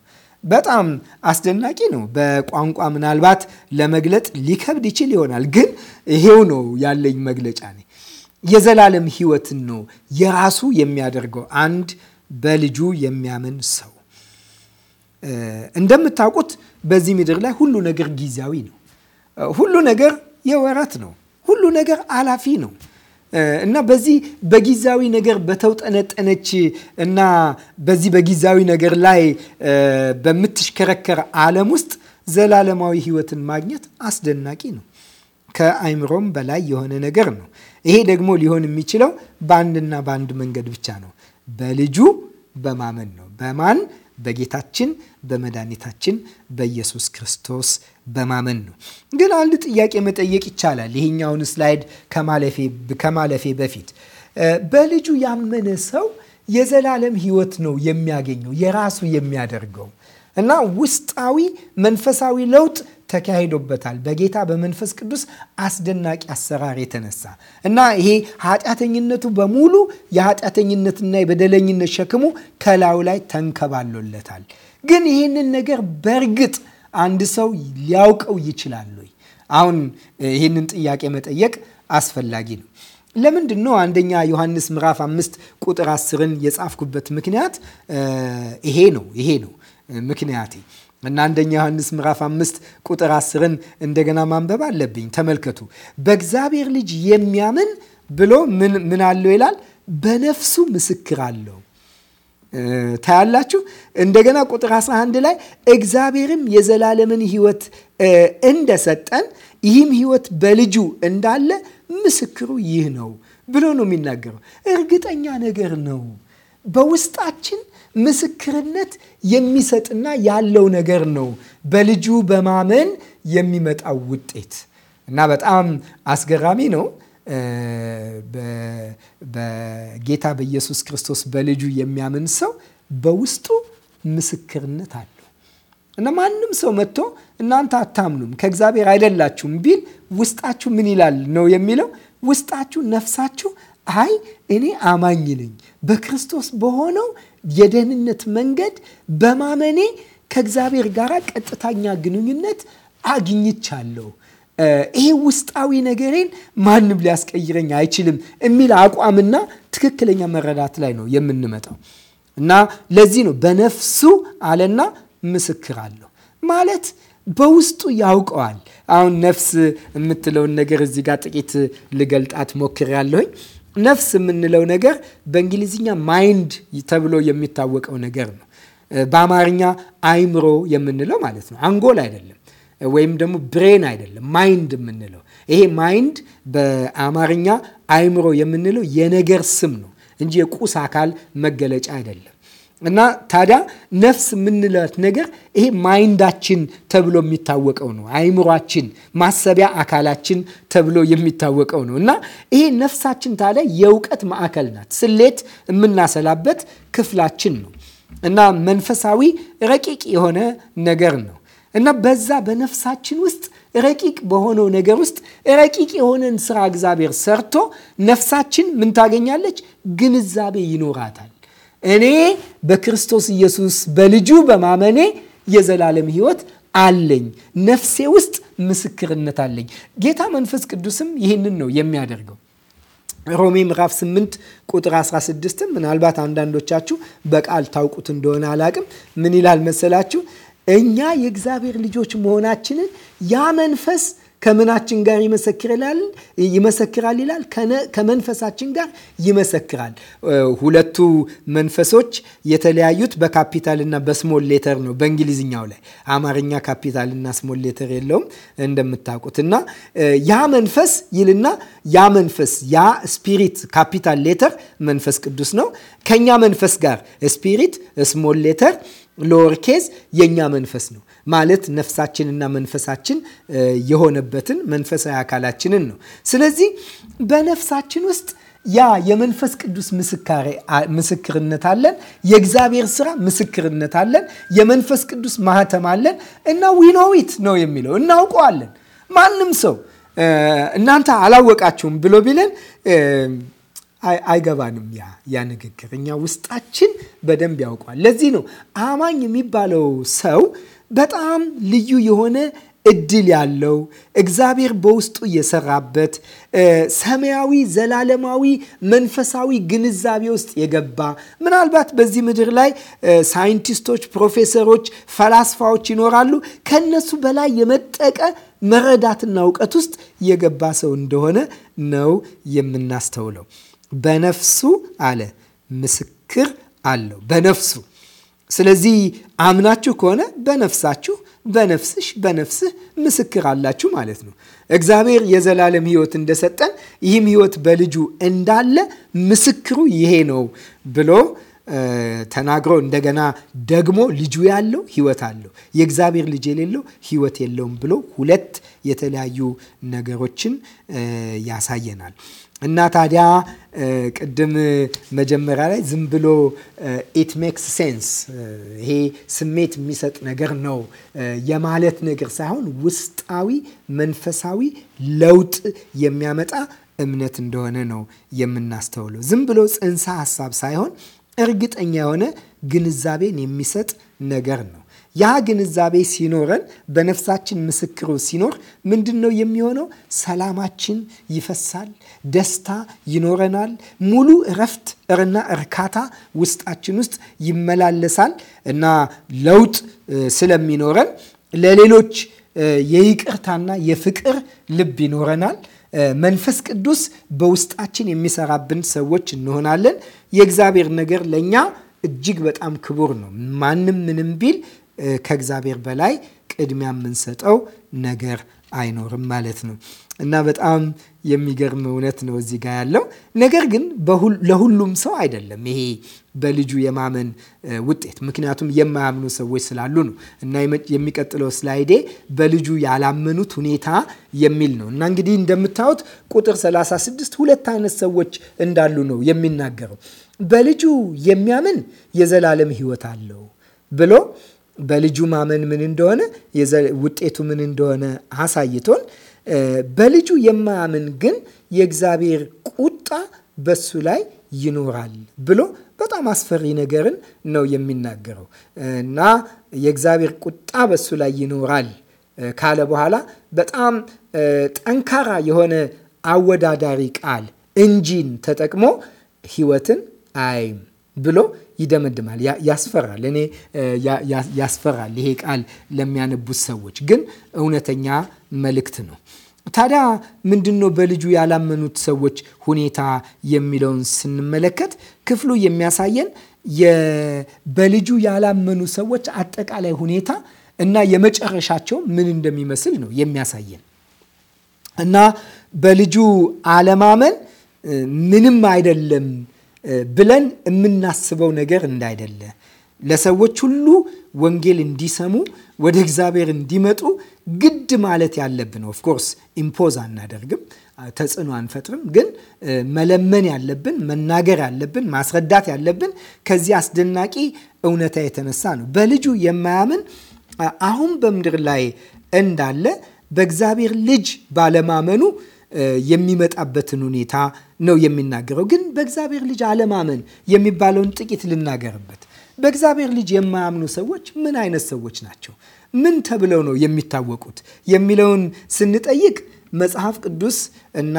በጣም አስደናቂ ነው። በቋንቋ ምናልባት ለመግለጥ ሊከብድ ይችል ይሆናል፣ ግን ይሄው ነው ያለኝ መግለጫ ነ የዘላለም ሕይወትን ነው የራሱ የሚያደርገው አንድ በልጁ የሚያምን ሰው። እንደምታውቁት በዚህ ምድር ላይ ሁሉ ነገር ጊዜያዊ ነው። ሁሉ ነገር የወረት ነው። ሁሉ ነገር አላፊ ነው። እና በዚህ በጊዜያዊ ነገር በተውጠነጠነች እና በዚህ በጊዜያዊ ነገር ላይ በምትሽከረከር ዓለም ውስጥ ዘላለማዊ ሕይወትን ማግኘት አስደናቂ ነው። ከአይምሮም በላይ የሆነ ነገር ነው። ይሄ ደግሞ ሊሆን የሚችለው በአንድና በአንድ መንገድ ብቻ ነው፣ በልጁ በማመን ነው። በማን በጌታችን በመድኃኒታችን በኢየሱስ ክርስቶስ በማመን ነው። ግን አንድ ጥያቄ መጠየቅ ይቻላል። ይሄኛውን ስላይድ ከማለፌ በፊት በልጁ ያመነ ሰው የዘላለም ሕይወት ነው የሚያገኘው የራሱ የሚያደርገው እና ውስጣዊ መንፈሳዊ ለውጥ ተካሂዶበታል። በጌታ በመንፈስ ቅዱስ አስደናቂ አሰራር የተነሳ እና ይሄ ኃጢአተኝነቱ በሙሉ የኃጢአተኝነትና የበደለኝነት ሸክሙ ከላዩ ላይ ተንከባሎለታል። ግን ይህንን ነገር በእርግጥ አንድ ሰው ሊያውቀው ይችላል ወይ? አሁን ይህንን ጥያቄ መጠየቅ አስፈላጊ ነው። ለምንድን ነው አንደኛ ዮሐንስ ምዕራፍ አምስት ቁጥር አስርን የጻፍኩበት ምክንያት ይሄ ነው። ይሄ ነው ምክንያቴ እና አንደኛ ዮሐንስ ምዕራፍ አምስት ቁጥር አስርን እንደገና ማንበብ አለብኝ። ተመልከቱ በእግዚአብሔር ልጅ የሚያምን ብሎ ምን አለው ይላል፣ በነፍሱ ምስክር አለው። ታያላችሁ። እንደገና ቁጥር 11 ላይ እግዚአብሔርም የዘላለምን ሕይወት እንደሰጠን ይህም ሕይወት በልጁ እንዳለ ምስክሩ ይህ ነው ብሎ ነው የሚናገረው። እርግጠኛ ነገር ነው በውስጣችን ምስክርነት የሚሰጥና ያለው ነገር ነው በልጁ በማመን የሚመጣው ውጤት እና በጣም አስገራሚ ነው። በጌታ በኢየሱስ ክርስቶስ በልጁ የሚያምን ሰው በውስጡ ምስክርነት አለው እና ማንም ሰው መጥቶ እናንተ አታምኑም ከእግዚአብሔር አይደላችሁም ቢል ውስጣችሁ ምን ይላል ነው የሚለው ውስጣችሁ ነፍሳችሁ አይ እኔ አማኝ ነኝ በክርስቶስ በሆነው የደህንነት መንገድ በማመኔ ከእግዚአብሔር ጋር ቀጥተኛ ግንኙነት አግኝቻለሁ። ይሄ ውስጣዊ ነገሬን ማንም ሊያስቀይረኝ አይችልም የሚል አቋምና ትክክለኛ መረዳት ላይ ነው የምንመጣው እና ለዚህ ነው በነፍሱ አለና ምስክር አለሁ ማለት በውስጡ ያውቀዋል። አሁን ነፍስ የምትለውን ነገር እዚህ ጋር ጥቂት ልገልጣት ያለሁኝ ነፍስ የምንለው ነገር በእንግሊዝኛ ማይንድ ተብሎ የሚታወቀው ነገር ነው። በአማርኛ አይምሮ የምንለው ማለት ነው። አንጎል አይደለም፣ ወይም ደግሞ ብሬን አይደለም። ማይንድ የምንለው ይሄ ማይንድ በአማርኛ አይምሮ የምንለው የነገር ስም ነው እንጂ የቁስ አካል መገለጫ አይደለም። እና ታዲያ ነፍስ የምንላት ነገር ይሄ ማይንዳችን ተብሎ የሚታወቀው ነው። አይምሯችን፣ ማሰቢያ አካላችን ተብሎ የሚታወቀው ነው። እና ይሄ ነፍሳችን ታዲያ የእውቀት ማዕከል ናት። ስሌት የምናሰላበት ክፍላችን ነው እና መንፈሳዊ ረቂቅ የሆነ ነገር ነው እና በዛ በነፍሳችን ውስጥ ረቂቅ በሆነው ነገር ውስጥ ረቂቅ የሆነን ስራ እግዚአብሔር ሰርቶ ነፍሳችን ምን ታገኛለች? ግንዛቤ ይኖራታል። እኔ በክርስቶስ ኢየሱስ በልጁ በማመኔ የዘላለም ሕይወት አለኝ። ነፍሴ ውስጥ ምስክርነት አለኝ። ጌታ መንፈስ ቅዱስም ይህንን ነው የሚያደርገው። ሮሜ ምዕራፍ 8 ቁጥር 16ን ምናልባት አንዳንዶቻችሁ በቃል ታውቁት እንደሆነ አላቅም። ምን ይላል መሰላችሁ? እኛ የእግዚአብሔር ልጆች መሆናችንን ያ መንፈስ ከምናችን ጋር ይመሰክራል ይመሰክራል ይላል። ከመንፈሳችን ጋር ይመሰክራል። ሁለቱ መንፈሶች የተለያዩት በካፒታልና በስሞል ሌተር ነው በእንግሊዝኛው ላይ። አማርኛ ካፒታልና ስሞል ሌተር የለውም እንደምታውቁት። እና ያ መንፈስ ይልና ያ መንፈስ ያ ስፒሪት ካፒታል ሌተር መንፈስ ቅዱስ ነው ከኛ መንፈስ ጋር ስፒሪት ስሞል ሌተር ሎወር ኬዝ የእኛ መንፈስ ነው ማለት ነፍሳችንና መንፈሳችን የሆነበትን መንፈሳዊ አካላችንን ነው። ስለዚህ በነፍሳችን ውስጥ ያ የመንፈስ ቅዱስ ምስክርነት አለን። የእግዚአብሔር ስራ ምስክርነት አለን። የመንፈስ ቅዱስ ማህተም አለን እና ዊኖዊት ነው የሚለው እናውቀዋለን። ማንም ሰው እናንተ አላወቃችሁም ብሎ ቢለን አይገባንም። ያ ያ ንግግር እኛ ውስጣችን በደንብ ያውቋል። ለዚህ ነው አማኝ የሚባለው ሰው በጣም ልዩ የሆነ እድል ያለው እግዚአብሔር በውስጡ የሰራበት ሰማያዊ ዘላለማዊ መንፈሳዊ ግንዛቤ ውስጥ የገባ ምናልባት በዚህ ምድር ላይ ሳይንቲስቶች፣ ፕሮፌሰሮች፣ ፈላስፋዎች ይኖራሉ። ከነሱ በላይ የመጠቀ መረዳትና እውቀት ውስጥ የገባ ሰው እንደሆነ ነው የምናስተውለው። በነፍሱ አለ ምስክር አለው በነፍሱ ስለዚህ አምናችሁ ከሆነ በነፍሳችሁ በነፍስሽ በነፍስህ ምስክር አላችሁ ማለት ነው። እግዚአብሔር የዘላለም ሕይወት እንደሰጠን ይህም ሕይወት በልጁ እንዳለ ምስክሩ ይሄ ነው ብሎ ተናግሮ እንደገና ደግሞ ልጁ ያለው ሕይወት አለው፣ የእግዚአብሔር ልጅ የሌለው ሕይወት የለውም ብሎ ሁለት የተለያዩ ነገሮችን ያሳየናል። እና ታዲያ ቅድም መጀመሪያ ላይ ዝም ብሎ ኢት ሜክስ ሴንስ ይሄ ስሜት የሚሰጥ ነገር ነው የማለት ነገር ሳይሆን ውስጣዊ መንፈሳዊ ለውጥ የሚያመጣ እምነት እንደሆነ ነው የምናስተውለው። ዝም ብሎ ጽንሰ ሀሳብ ሳይሆን እርግጠኛ የሆነ ግንዛቤን የሚሰጥ ነገር ነው። ያ ግንዛቤ ሲኖረን በነፍሳችን ምስክሩ ሲኖር ምንድን ነው የሚሆነው? ሰላማችን ይፈሳል፣ ደስታ ይኖረናል፣ ሙሉ እረፍት እና እርካታ ውስጣችን ውስጥ ይመላለሳል እና ለውጥ ስለሚኖረን ለሌሎች የይቅርታና የፍቅር ልብ ይኖረናል። መንፈስ ቅዱስ በውስጣችን የሚሰራብን ሰዎች እንሆናለን። የእግዚአብሔር ነገር ለእኛ እጅግ በጣም ክቡር ነው። ማንም ምንም ቢል ከእግዚአብሔር በላይ ቅድሚያ የምንሰጠው ነገር አይኖርም ማለት ነው እና በጣም የሚገርም እውነት ነው እዚህ ጋር ያለው ነገር ግን ለሁሉም ሰው አይደለም ይሄ በልጁ የማመን ውጤት ምክንያቱም የማያምኑ ሰዎች ስላሉ ነው እና የሚቀጥለው ስላይዴ በልጁ ያላመኑት ሁኔታ የሚል ነው እና እንግዲህ እንደምታዩት ቁጥር 36 ሁለት አይነት ሰዎች እንዳሉ ነው የሚናገረው በልጁ የሚያምን የዘላለም ህይወት አለው ብሎ በልጁ ማመን ምን እንደሆነ ውጤቱ ምን እንደሆነ አሳይቶን፣ በልጁ የማያምን ግን የእግዚአብሔር ቁጣ በሱ ላይ ይኖራል ብሎ በጣም አስፈሪ ነገርን ነው የሚናገረው እና የእግዚአብሔር ቁጣ በሱ ላይ ይኖራል ካለ በኋላ በጣም ጠንካራ የሆነ አወዳዳሪ ቃል እንጂን ተጠቅሞ ሕይወትን አይም ብሎ ይደመድማል። ያስፈራል። እኔ ያስፈራል። ይሄ ቃል ለሚያነቡት ሰዎች ግን እውነተኛ መልእክት ነው። ታዲያ ምንድን ነው በልጁ ያላመኑት ሰዎች ሁኔታ የሚለውን ስንመለከት ክፍሉ የሚያሳየን በልጁ ያላመኑ ሰዎች አጠቃላይ ሁኔታ እና የመጨረሻቸው ምን እንደሚመስል ነው የሚያሳየን እና በልጁ አለማመን ምንም አይደለም ብለን የምናስበው ነገር እንዳይደለ ለሰዎች ሁሉ ወንጌል እንዲሰሙ ወደ እግዚአብሔር እንዲመጡ ግድ ማለት ያለብን ኦፍኮርስ ኢምፖዝ አናደርግም፣ ተጽዕኖ አንፈጥርም። ግን መለመን ያለብን መናገር ያለብን ማስረዳት ያለብን ከዚህ አስደናቂ እውነታ የተነሳ ነው። በልጁ የማያምን አሁን በምድር ላይ እንዳለ በእግዚአብሔር ልጅ ባለማመኑ የሚመጣበትን ሁኔታ ነው የሚናገረው። ግን በእግዚአብሔር ልጅ አለማመን የሚባለውን ጥቂት ልናገርበት። በእግዚአብሔር ልጅ የማያምኑ ሰዎች ምን አይነት ሰዎች ናቸው? ምን ተብለው ነው የሚታወቁት የሚለውን ስንጠይቅ መጽሐፍ ቅዱስ እና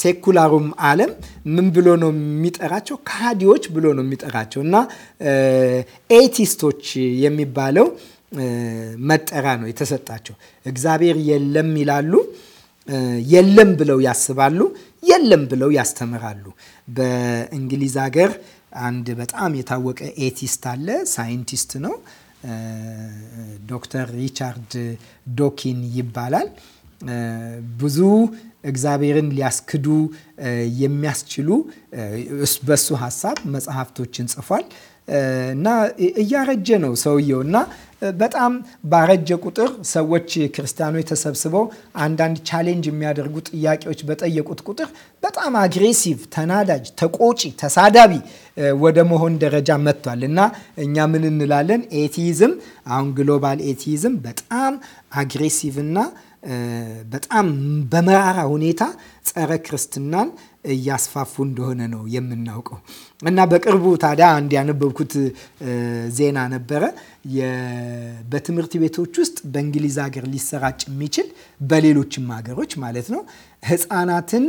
ሴኩላሩም ዓለም ምን ብሎ ነው የሚጠራቸው? ከሃዲዎች ብሎ ነው የሚጠራቸው እና ኤቲስቶች የሚባለው መጠሪያ ነው የተሰጣቸው። እግዚአብሔር የለም ይላሉ። የለም ብለው ያስባሉ፣ የለም ብለው ያስተምራሉ። በእንግሊዝ ሀገር አንድ በጣም የታወቀ ኤቲስት አለ። ሳይንቲስት ነው። ዶክተር ሪቻርድ ዶኪን ይባላል። ብዙ እግዚአብሔርን ሊያስክዱ የሚያስችሉ በሱ ሀሳብ መጽሐፍቶችን ጽፏል እና እያረጀ ነው ሰውየው እና በጣም ባረጀ ቁጥር ሰዎች ክርስቲያኖች ተሰብስበው አንዳንድ ቻሌንጅ የሚያደርጉ ጥያቄዎች በጠየቁት ቁጥር በጣም አግሬሲቭ፣ ተናዳጅ፣ ተቆጪ፣ ተሳዳቢ ወደ መሆን ደረጃ መጥቷል እና እኛ ምን እንላለን? ኤቲይዝም አሁን ግሎባል ኤቲይዝም በጣም አግሬሲቭ እና በጣም በመራራ ሁኔታ ጸረ ክርስትናን እያስፋፉ እንደሆነ ነው የምናውቀው እና በቅርቡ ታዲያ አንድ ያነበብኩት ዜና ነበረ። በትምህርት ቤቶች ውስጥ በእንግሊዝ ሀገር ሊሰራጭ የሚችል በሌሎችም ሀገሮች ማለት ነው ህፃናትን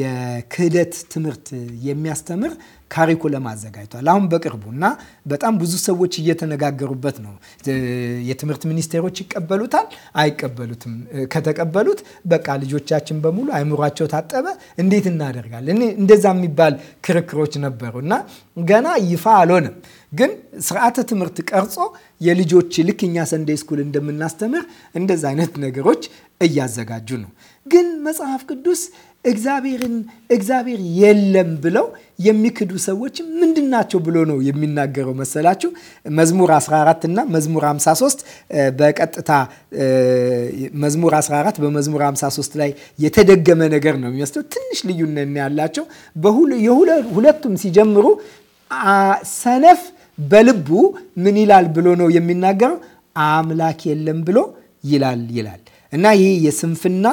የክህደት ትምህርት የሚያስተምር ካሪኩለም አዘጋጅቷል። አሁን በቅርቡ እና በጣም ብዙ ሰዎች እየተነጋገሩበት ነው። የትምህርት ሚኒስቴሮች ይቀበሉታል አይቀበሉትም? ከተቀበሉት በቃ ልጆቻችን በሙሉ አይምሯቸው ታጠበ፣ እንዴት እናደርጋለን? እንደዛ የሚባል ክርክሮች ነበሩ እና ገና ይፋ አልሆነም። ግን ስርዓተ ትምህርት ቀርጾ የልጆች ልክ እኛ ሰንደይ ስኩል እንደምናስተምር እንደዛ አይነት ነገሮች እያዘጋጁ ነው። ግን መጽሐፍ ቅዱስ እግዚአብሔርን እግዚአብሔር የለም ብለው የሚክዱ ሰዎች ምንድን ናቸው ብሎ ነው የሚናገረው መሰላችሁ? መዝሙር 14 እና መዝሙር 53 በቀጥታ መዝሙር 14 በመዝሙር 53 ላይ የተደገመ ነገር ነው የሚመስለው። ትንሽ ልዩነት ያላቸው ሁለቱም ሲጀምሩ ሰነፍ በልቡ ምን ይላል ብሎ ነው የሚናገረው? አምላክ የለም ብሎ ይላል ይላል እና ይህ የስንፍና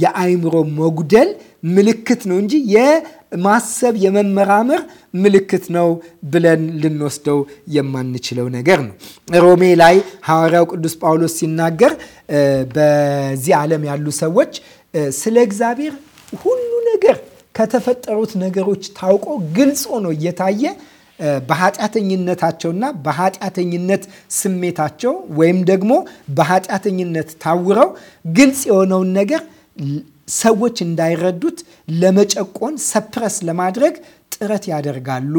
የአይምሮ መጉደል ምልክት ነው እንጂ የማሰብ የመመራመር ምልክት ነው ብለን ልንወስደው የማንችለው ነገር ነው። ሮሜ ላይ ሐዋርያው ቅዱስ ጳውሎስ ሲናገር በዚህ ዓለም ያሉ ሰዎች ስለ እግዚአብሔር ሁሉ ነገር ከተፈጠሩት ነገሮች ታውቆ ግልጽ ሆኖ እየታየ በኃጢአተኝነታቸውና በኃጢአተኝነት ስሜታቸው ወይም ደግሞ በኃጢአተኝነት ታውረው ግልጽ የሆነውን ነገር ሰዎች እንዳይረዱት ለመጨቆን ሰፕረስ ለማድረግ ጥረት ያደርጋሉ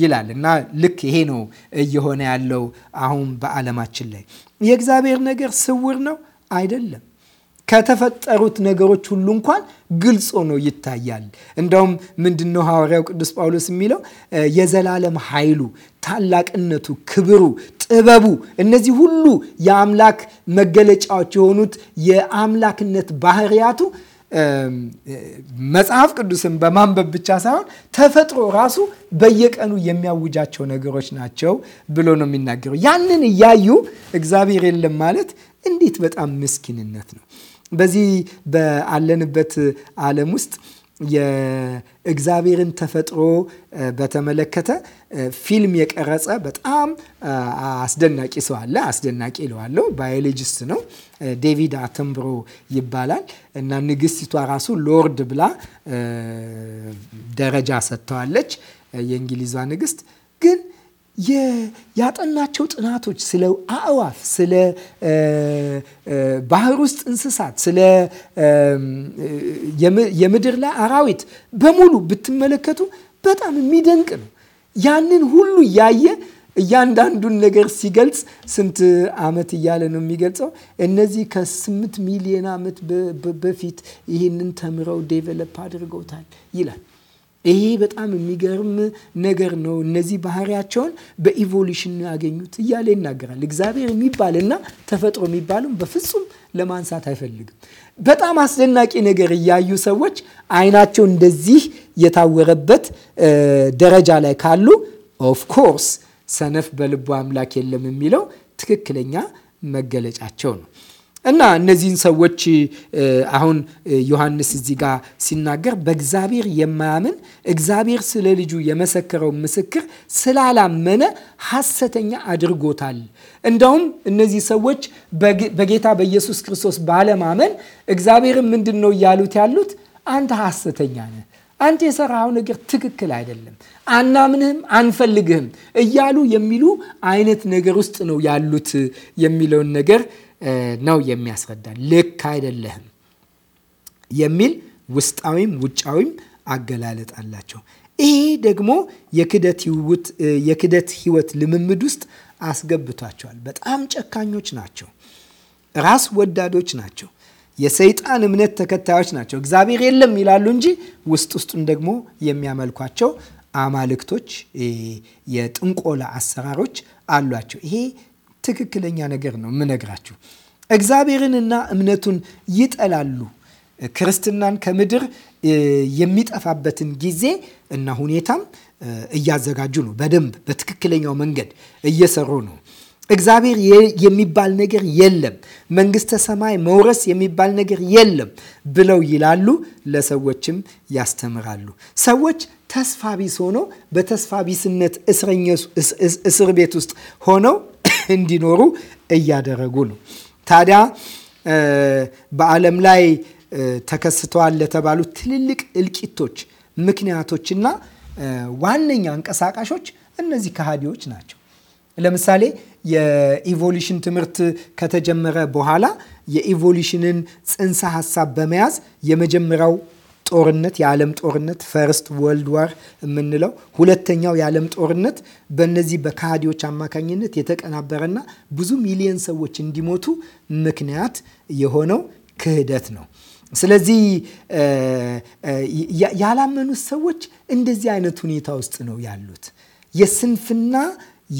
ይላል እና ልክ ይሄ ነው እየሆነ ያለው አሁን በዓለማችን ላይ። የእግዚአብሔር ነገር ስውር ነው አይደለም። ከተፈጠሩት ነገሮች ሁሉ እንኳን ግልጽ ሆኖ ይታያል። እንደውም ምንድነው ሐዋርያው ቅዱስ ጳውሎስ የሚለው የዘላለም ኃይሉ፣ ታላቅነቱ፣ ክብሩ፣ ጥበቡ እነዚህ ሁሉ የአምላክ መገለጫዎች የሆኑት የአምላክነት ባህሪያቱ መጽሐፍ ቅዱስን በማንበብ ብቻ ሳይሆን ተፈጥሮ ራሱ በየቀኑ የሚያውጃቸው ነገሮች ናቸው ብሎ ነው የሚናገረው። ያንን እያዩ እግዚአብሔር የለም ማለት እንዴት በጣም ምስኪንነት ነው። በዚህ በአለንበት ዓለም ውስጥ የእግዚአብሔርን ተፈጥሮ በተመለከተ ፊልም የቀረጸ በጣም አስደናቂ ሰው አለ። አስደናቂ ለዋለው ባዮሎጂስት ነው። ዴቪድ አተምብሮ ይባላል እና ንግስቲቷ ራሱ ሎርድ ብላ ደረጃ ሰጥተዋለች። የእንግሊዟ ንግስት ግን ያጠናቸው ጥናቶች ስለ አእዋፍ፣ ስለ ባህር ውስጥ እንስሳት፣ ስለ የምድር ላይ አራዊት በሙሉ ብትመለከቱ በጣም የሚደንቅ ነው። ያንን ሁሉ ያየ እያንዳንዱን ነገር ሲገልጽ ስንት ዓመት እያለ ነው የሚገልጸው? እነዚህ ከስምንት ሚሊዮን ዓመት በፊት ይህንን ተምረው ዴቨሎፕ አድርገውታል ይላል። ይሄ በጣም የሚገርም ነገር ነው። እነዚህ ባህሪያቸውን በኢቮሉሽን ያገኙት እያለ ይናገራል። እግዚአብሔር የሚባልና ተፈጥሮ የሚባሉም በፍጹም ለማንሳት አይፈልግም። በጣም አስደናቂ ነገር እያዩ ሰዎች አይናቸው እንደዚህ የታወረበት ደረጃ ላይ ካሉ ኦፍኮርስ ሰነፍ በልቡ አምላክ የለም የሚለው ትክክለኛ መገለጫቸው ነው። እና እነዚህን ሰዎች አሁን ዮሐንስ እዚህ ጋር ሲናገር በእግዚአብሔር የማያምን እግዚአብሔር ስለ ልጁ የመሰከረው ምስክር ስላላመነ ሐሰተኛ አድርጎታል። እንደውም እነዚህ ሰዎች በጌታ በኢየሱስ ክርስቶስ ባለማመን እግዚአብሔርን ምንድን ነው እያሉት ያሉት? አንተ ሐሰተኛ ነህ፣ አንተ የሰራኸው ነገር ትክክል አይደለም፣ አናምንህም፣ አንፈልግህም እያሉ የሚሉ አይነት ነገር ውስጥ ነው ያሉት የሚለውን ነገር ነው የሚያስረዳን። ልክ አይደለህም የሚል ውስጣዊም ውጫዊም አገላለጥ አላቸው። ይሄ ደግሞ የክደት ህይወት ልምምድ ውስጥ አስገብቷቸዋል። በጣም ጨካኞች ናቸው። ራስ ወዳዶች ናቸው። የሰይጣን እምነት ተከታዮች ናቸው። እግዚአብሔር የለም ይላሉ እንጂ ውስጥ ውስጡን ደግሞ የሚያመልኳቸው አማልክቶች፣ የጥንቆላ አሰራሮች አሏቸው። ይሄ ትክክለኛ ነገር ነው የምነግራችሁ። እግዚአብሔርንና እምነቱን ይጠላሉ። ክርስትናን ከምድር የሚጠፋበትን ጊዜ እና ሁኔታም እያዘጋጁ ነው። በደንብ በትክክለኛው መንገድ እየሰሩ ነው። እግዚአብሔር የሚባል ነገር የለም፣ መንግስተ ሰማይ መውረስ የሚባል ነገር የለም ብለው ይላሉ፣ ለሰዎችም ያስተምራሉ። ሰዎች ተስፋ ቢስ ሆነው በተስፋ ቢስነት እስር ቤት ውስጥ ሆነው እንዲኖሩ እያደረጉ ነው። ታዲያ በዓለም ላይ ተከስተዋል ለተባሉ ትልልቅ እልቂቶች ምክንያቶችና ዋነኛ አንቀሳቃሾች እነዚህ ከሃዲዎች ናቸው። ለምሳሌ የኢቮሉሽን ትምህርት ከተጀመረ በኋላ የኢቮሉሽንን ጽንሰ ሀሳብ በመያዝ የመጀመሪያው ጦርነት የዓለም ጦርነት ፈርስት ወርልድ ዋር የምንለው ሁለተኛው የዓለም ጦርነት በእነዚህ በካሃዲዎች አማካኝነት የተቀናበረና ብዙ ሚሊዮን ሰዎች እንዲሞቱ ምክንያት የሆነው ክህደት ነው። ስለዚህ ያላመኑት ሰዎች እንደዚህ አይነት ሁኔታ ውስጥ ነው ያሉት። የስንፍና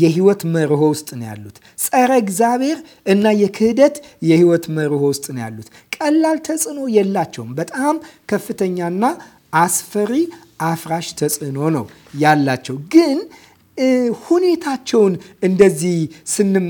የህይወት መርሆ ውስጥ ነው ያሉት። ጸረ እግዚአብሔር እና የክህደት የህይወት መርሆ ውስጥ ነው ያሉት። ቀላል ተጽዕኖ የላቸውም። በጣም ከፍተኛና አስፈሪ አፍራሽ ተጽዕኖ ነው ያላቸው ግን ሁኔታቸውን እንደዚህ ስንም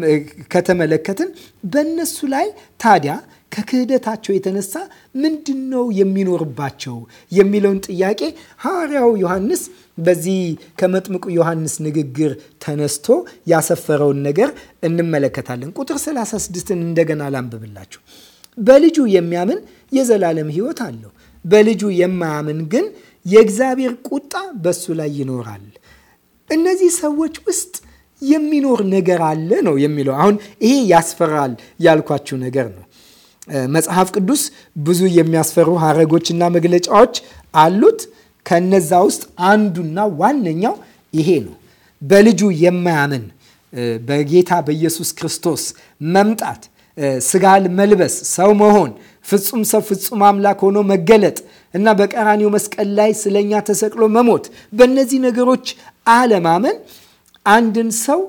ከተመለከትን በእነሱ ላይ ታዲያ ከክህደታቸው የተነሳ ምንድን ነው የሚኖርባቸው የሚለውን ጥያቄ ሐዋርያው ዮሐንስ በዚህ ከመጥምቁ ዮሐንስ ንግግር ተነስቶ ያሰፈረውን ነገር እንመለከታለን። ቁጥር 36ን እንደገና ላንብብላችሁ። በልጁ የሚያምን የዘላለም ሕይወት አለው። በልጁ የማያምን ግን የእግዚአብሔር ቁጣ በሱ ላይ ይኖራል። እነዚህ ሰዎች ውስጥ የሚኖር ነገር አለ ነው የሚለው። አሁን ይሄ ያስፈራል ያልኳችሁ ነገር ነው። መጽሐፍ ቅዱስ ብዙ የሚያስፈሩ ሀረጎችና መግለጫዎች አሉት። ከነዛ ውስጥ አንዱና ዋነኛው ይሄ ነው። በልጁ የማያምን በጌታ በኢየሱስ ክርስቶስ መምጣት፣ ስጋል መልበስ፣ ሰው መሆን፣ ፍጹም ሰው ፍጹም አምላክ ሆኖ መገለጥ እና በቀራኒው መስቀል ላይ ስለኛ ተሰቅሎ መሞት፣ በእነዚህ ነገሮች አለማመን አንድን ሰው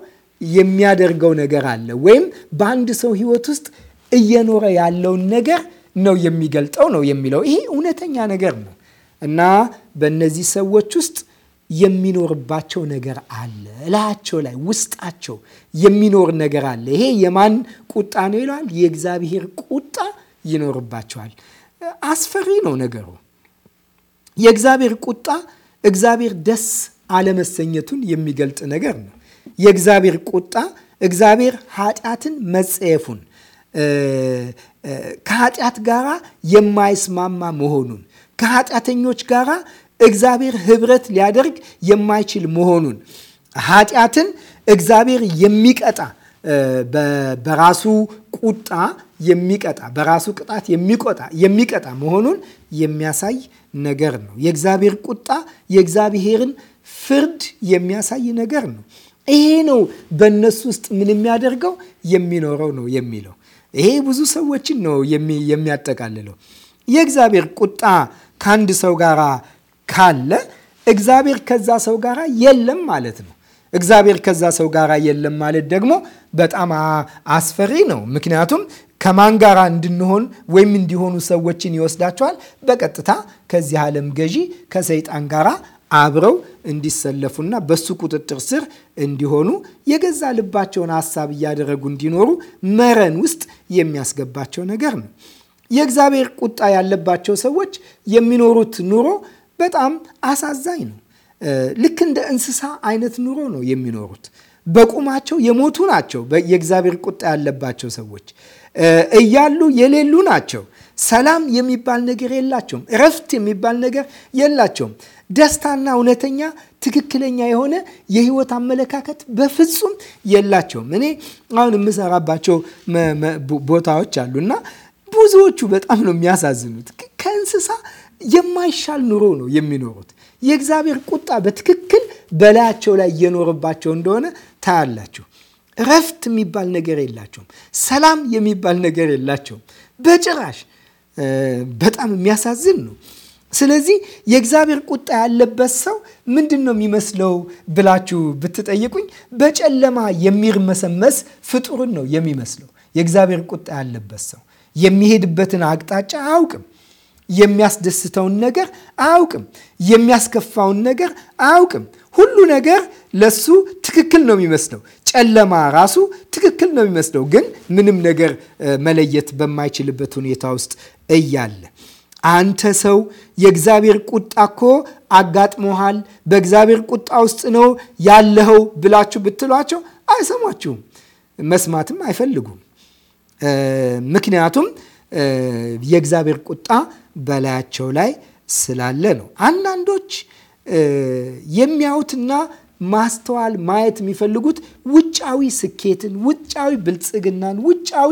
የሚያደርገው ነገር አለ ወይም በአንድ ሰው ህይወት ውስጥ እየኖረ ያለውን ነገር ነው የሚገልጠው ነው የሚለው። ይሄ እውነተኛ ነገር ነው እና በእነዚህ ሰዎች ውስጥ የሚኖርባቸው ነገር አለ። እላቸው ላይ ውስጣቸው የሚኖር ነገር አለ። ይሄ የማን ቁጣ ነው ይለዋል? የእግዚአብሔር ቁጣ ይኖርባቸዋል። አስፈሪ ነው ነገሩ። የእግዚአብሔር ቁጣ እግዚአብሔር ደስ አለመሰኘቱን የሚገልጥ ነገር ነው። የእግዚአብሔር ቁጣ እግዚአብሔር ኃጢአትን መጸየፉን ከኃጢአት ጋራ የማይስማማ መሆኑን ከኃጢአተኞች ጋራ እግዚአብሔር ህብረት ሊያደርግ የማይችል መሆኑን ኃጢአትን እግዚአብሔር የሚቀጣ በራሱ ቁጣ የሚቀጣ በራሱ ቅጣት የሚቆጣ የሚቀጣ መሆኑን የሚያሳይ ነገር ነው። የእግዚአብሔር ቁጣ የእግዚአብሔርን ፍርድ የሚያሳይ ነገር ነው። ይሄ ነው በእነሱ ውስጥ ምን የሚያደርገው የሚኖረው ነው የሚለው ይሄ ብዙ ሰዎችን ነው የሚያጠቃልለው። የእግዚአብሔር ቁጣ ከአንድ ሰው ጋር ካለ እግዚአብሔር ከዛ ሰው ጋር የለም ማለት ነው። እግዚአብሔር ከዛ ሰው ጋር የለም ማለት ደግሞ በጣም አስፈሪ ነው። ምክንያቱም ከማን ጋር እንድንሆን ወይም እንዲሆኑ ሰዎችን ይወስዳቸዋል። በቀጥታ ከዚህ ዓለም ገዢ ከሰይጣን ጋራ አብረው እንዲሰለፉና በሱ ቁጥጥር ስር እንዲሆኑ የገዛ ልባቸውን ሀሳብ እያደረጉ እንዲኖሩ መረን ውስጥ የሚያስገባቸው ነገር ነው። የእግዚአብሔር ቁጣ ያለባቸው ሰዎች የሚኖሩት ኑሮ በጣም አሳዛኝ ነው። ልክ እንደ እንስሳ አይነት ኑሮ ነው የሚኖሩት። በቁማቸው የሞቱ ናቸው። የእግዚአብሔር ቁጣ ያለባቸው ሰዎች እያሉ የሌሉ ናቸው። ሰላም የሚባል ነገር የላቸውም። እረፍት የሚባል ነገር የላቸውም። ደስታና እውነተኛ ትክክለኛ የሆነ የህይወት አመለካከት በፍጹም የላቸውም። እኔ አሁን የምሰራባቸው ቦታዎች አሉ እና ብዙዎቹ በጣም ነው የሚያሳዝኑት። ከእንስሳ የማይሻል ኑሮ ነው የሚኖሩት። የእግዚአብሔር ቁጣ በትክክል በላያቸው ላይ እየኖርባቸው እንደሆነ ታያላችሁ። እረፍት የሚባል ነገር የላቸውም። ሰላም የሚባል ነገር የላቸውም በጭራሽ በጣም የሚያሳዝን ነው። ስለዚህ የእግዚአብሔር ቁጣ ያለበት ሰው ምንድን ነው የሚመስለው ብላችሁ ብትጠይቁኝ በጨለማ የሚርመሰመስ ፍጡርን ነው የሚመስለው። የእግዚአብሔር ቁጣ ያለበት ሰው የሚሄድበትን አቅጣጫ አያውቅም። የሚያስደስተውን ነገር አያውቅም። የሚያስከፋውን ነገር አያውቅም። ሁሉ ነገር ለሱ ትክክል ነው የሚመስለው። ጨለማ ራሱ ትክክል ነው የሚመስለው። ግን ምንም ነገር መለየት በማይችልበት ሁኔታ ውስጥ እያለ አንተ ሰው የእግዚአብሔር ቁጣ እኮ አጋጥሞሃል፣ በእግዚአብሔር ቁጣ ውስጥ ነው ያለኸው ብላችሁ ብትሏቸው አይሰማችሁም፣ መስማትም አይፈልጉም። ምክንያቱም የእግዚአብሔር ቁጣ በላያቸው ላይ ስላለ ነው። አንዳንዶች የሚያዩትና ማስተዋል ማየት የሚፈልጉት ውጫዊ ስኬትን፣ ውጫዊ ብልጽግናን፣ ውጫዊ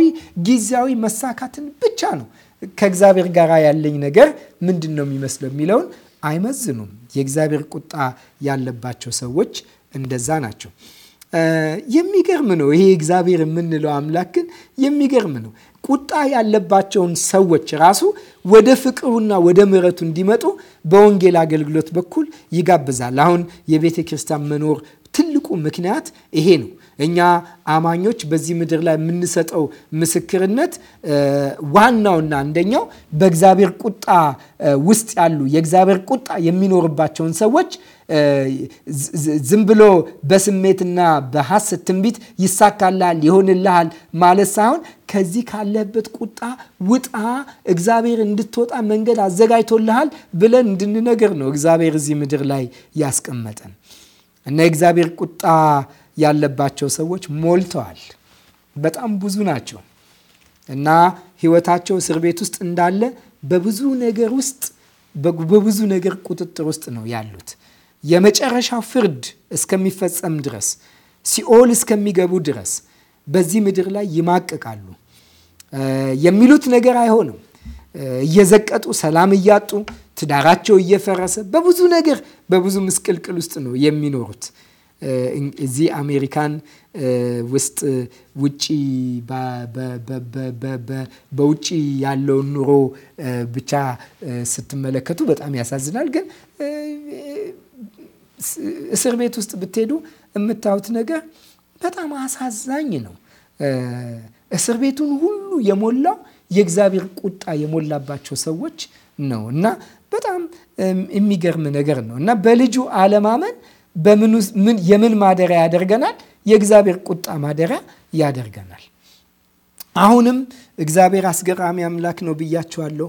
ጊዜያዊ መሳካትን ብቻ ነው። ከእግዚአብሔር ጋር ያለኝ ነገር ምንድን ነው የሚመስለው የሚለውን አይመዝኑም። የእግዚአብሔር ቁጣ ያለባቸው ሰዎች እንደዛ ናቸው። የሚገርም ነው። ይሄ እግዚአብሔር የምንለው አምላክ ግን የሚገርም ነው። ቁጣ ያለባቸውን ሰዎች ራሱ ወደ ፍቅሩና ወደ ምሕረቱ እንዲመጡ በወንጌል አገልግሎት በኩል ይጋብዛል። አሁን የቤተ ክርስቲያን መኖር ትልቁ ምክንያት ይሄ ነው። እኛ አማኞች በዚህ ምድር ላይ የምንሰጠው ምስክርነት ዋናውና አንደኛው በእግዚአብሔር ቁጣ ውስጥ ያሉ የእግዚአብሔር ቁጣ የሚኖርባቸውን ሰዎች ዝም ብሎ በስሜትና በሐሰት ትንቢት ይሳካልሃል፣ ይሆንልሃል ማለት ሳይሆን ከዚህ ካለበት ቁጣ ውጣ፣ እግዚአብሔር እንድትወጣ መንገድ አዘጋጅቶልሃል ብለን እንድንነገር ነው እግዚአብሔር እዚህ ምድር ላይ ያስቀመጠን እና የእግዚአብሔር ቁጣ ያለባቸው ሰዎች ሞልተዋል። በጣም ብዙ ናቸው እና ህይወታቸው እስር ቤት ውስጥ እንዳለ በብዙ ነገር ውስጥ በብዙ ነገር ቁጥጥር ውስጥ ነው ያሉት። የመጨረሻ ፍርድ እስከሚፈጸም ድረስ ሲኦል እስከሚገቡ ድረስ በዚህ ምድር ላይ ይማቅቃሉ። የሚሉት ነገር አይሆንም። እየዘቀጡ ሰላም እያጡ ትዳራቸው እየፈረሰ በብዙ ነገር በብዙ ምስቅልቅል ውስጥ ነው የሚኖሩት። እዚህ አሜሪካን ውስጥ ውጪ በውጪ ያለውን ኑሮ ብቻ ስትመለከቱ በጣም ያሳዝናል። ግን እስር ቤት ውስጥ ብትሄዱ የምታዩት ነገር በጣም አሳዛኝ ነው። እስር ቤቱን ሁሉ የሞላው የእግዚአብሔር ቁጣ የሞላባቸው ሰዎች ነው እና በጣም የሚገርም ነገር ነው እና በልጁ አለማመን የምን ማደሪያ ያደርገናል? የእግዚአብሔር ቁጣ ማደሪያ ያደርገናል። አሁንም እግዚአብሔር አስገራሚ አምላክ ነው ብያቸዋለሁ።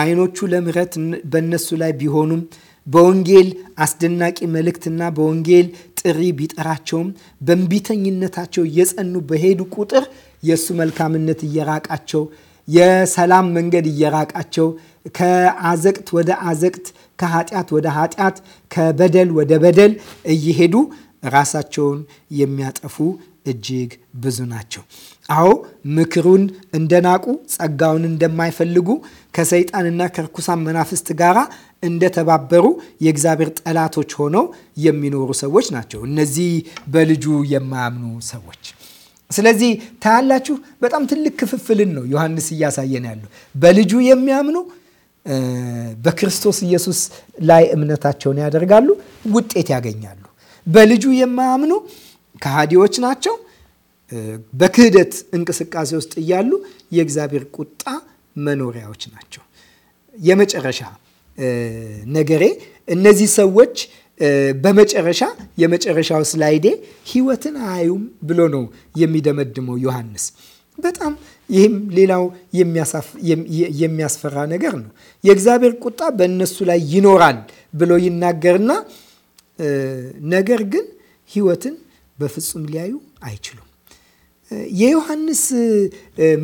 አይኖቹ ለምሕረት በእነሱ ላይ ቢሆኑም በወንጌል አስደናቂ መልእክትና በወንጌል ጥሪ ቢጠራቸውም በእንቢተኝነታቸው እየጸኑ በሄዱ ቁጥር የእሱ መልካምነት እየራቃቸው የሰላም መንገድ እየራቃቸው ከአዘቅት ወደ አዘቅት ከኃጢአት ወደ ኃጢአት፣ ከበደል ወደ በደል እየሄዱ ራሳቸውን የሚያጠፉ እጅግ ብዙ ናቸው። አዎ ምክሩን እንደናቁ፣ ጸጋውን እንደማይፈልጉ፣ ከሰይጣንና ከርኩሳን መናፍስት ጋር እንደተባበሩ የእግዚአብሔር ጠላቶች ሆነው የሚኖሩ ሰዎች ናቸው። እነዚህ በልጁ የማያምኑ ሰዎች። ስለዚህ ታያላችሁ፣ በጣም ትልቅ ክፍፍልን ነው ዮሐንስ እያሳየን ያለው በልጁ የሚያምኑ በክርስቶስ ኢየሱስ ላይ እምነታቸውን ያደርጋሉ፣ ውጤት ያገኛሉ። በልጁ የማያምኑ ከሃዲዎች ናቸው። በክህደት እንቅስቃሴ ውስጥ እያሉ የእግዚአብሔር ቁጣ መኖሪያዎች ናቸው። የመጨረሻ ነገሬ እነዚህ ሰዎች በመጨረሻ የመጨረሻው ስላይዴ ህይወትን አያዩም ብሎ ነው የሚደመድመው ዮሐንስ በጣም ይህም ሌላው የሚያስፈራ ነገር ነው። የእግዚአብሔር ቁጣ በእነሱ ላይ ይኖራል ብሎ ይናገርና ነገር ግን ሕይወትን በፍጹም ሊያዩ አይችሉም። የዮሐንስ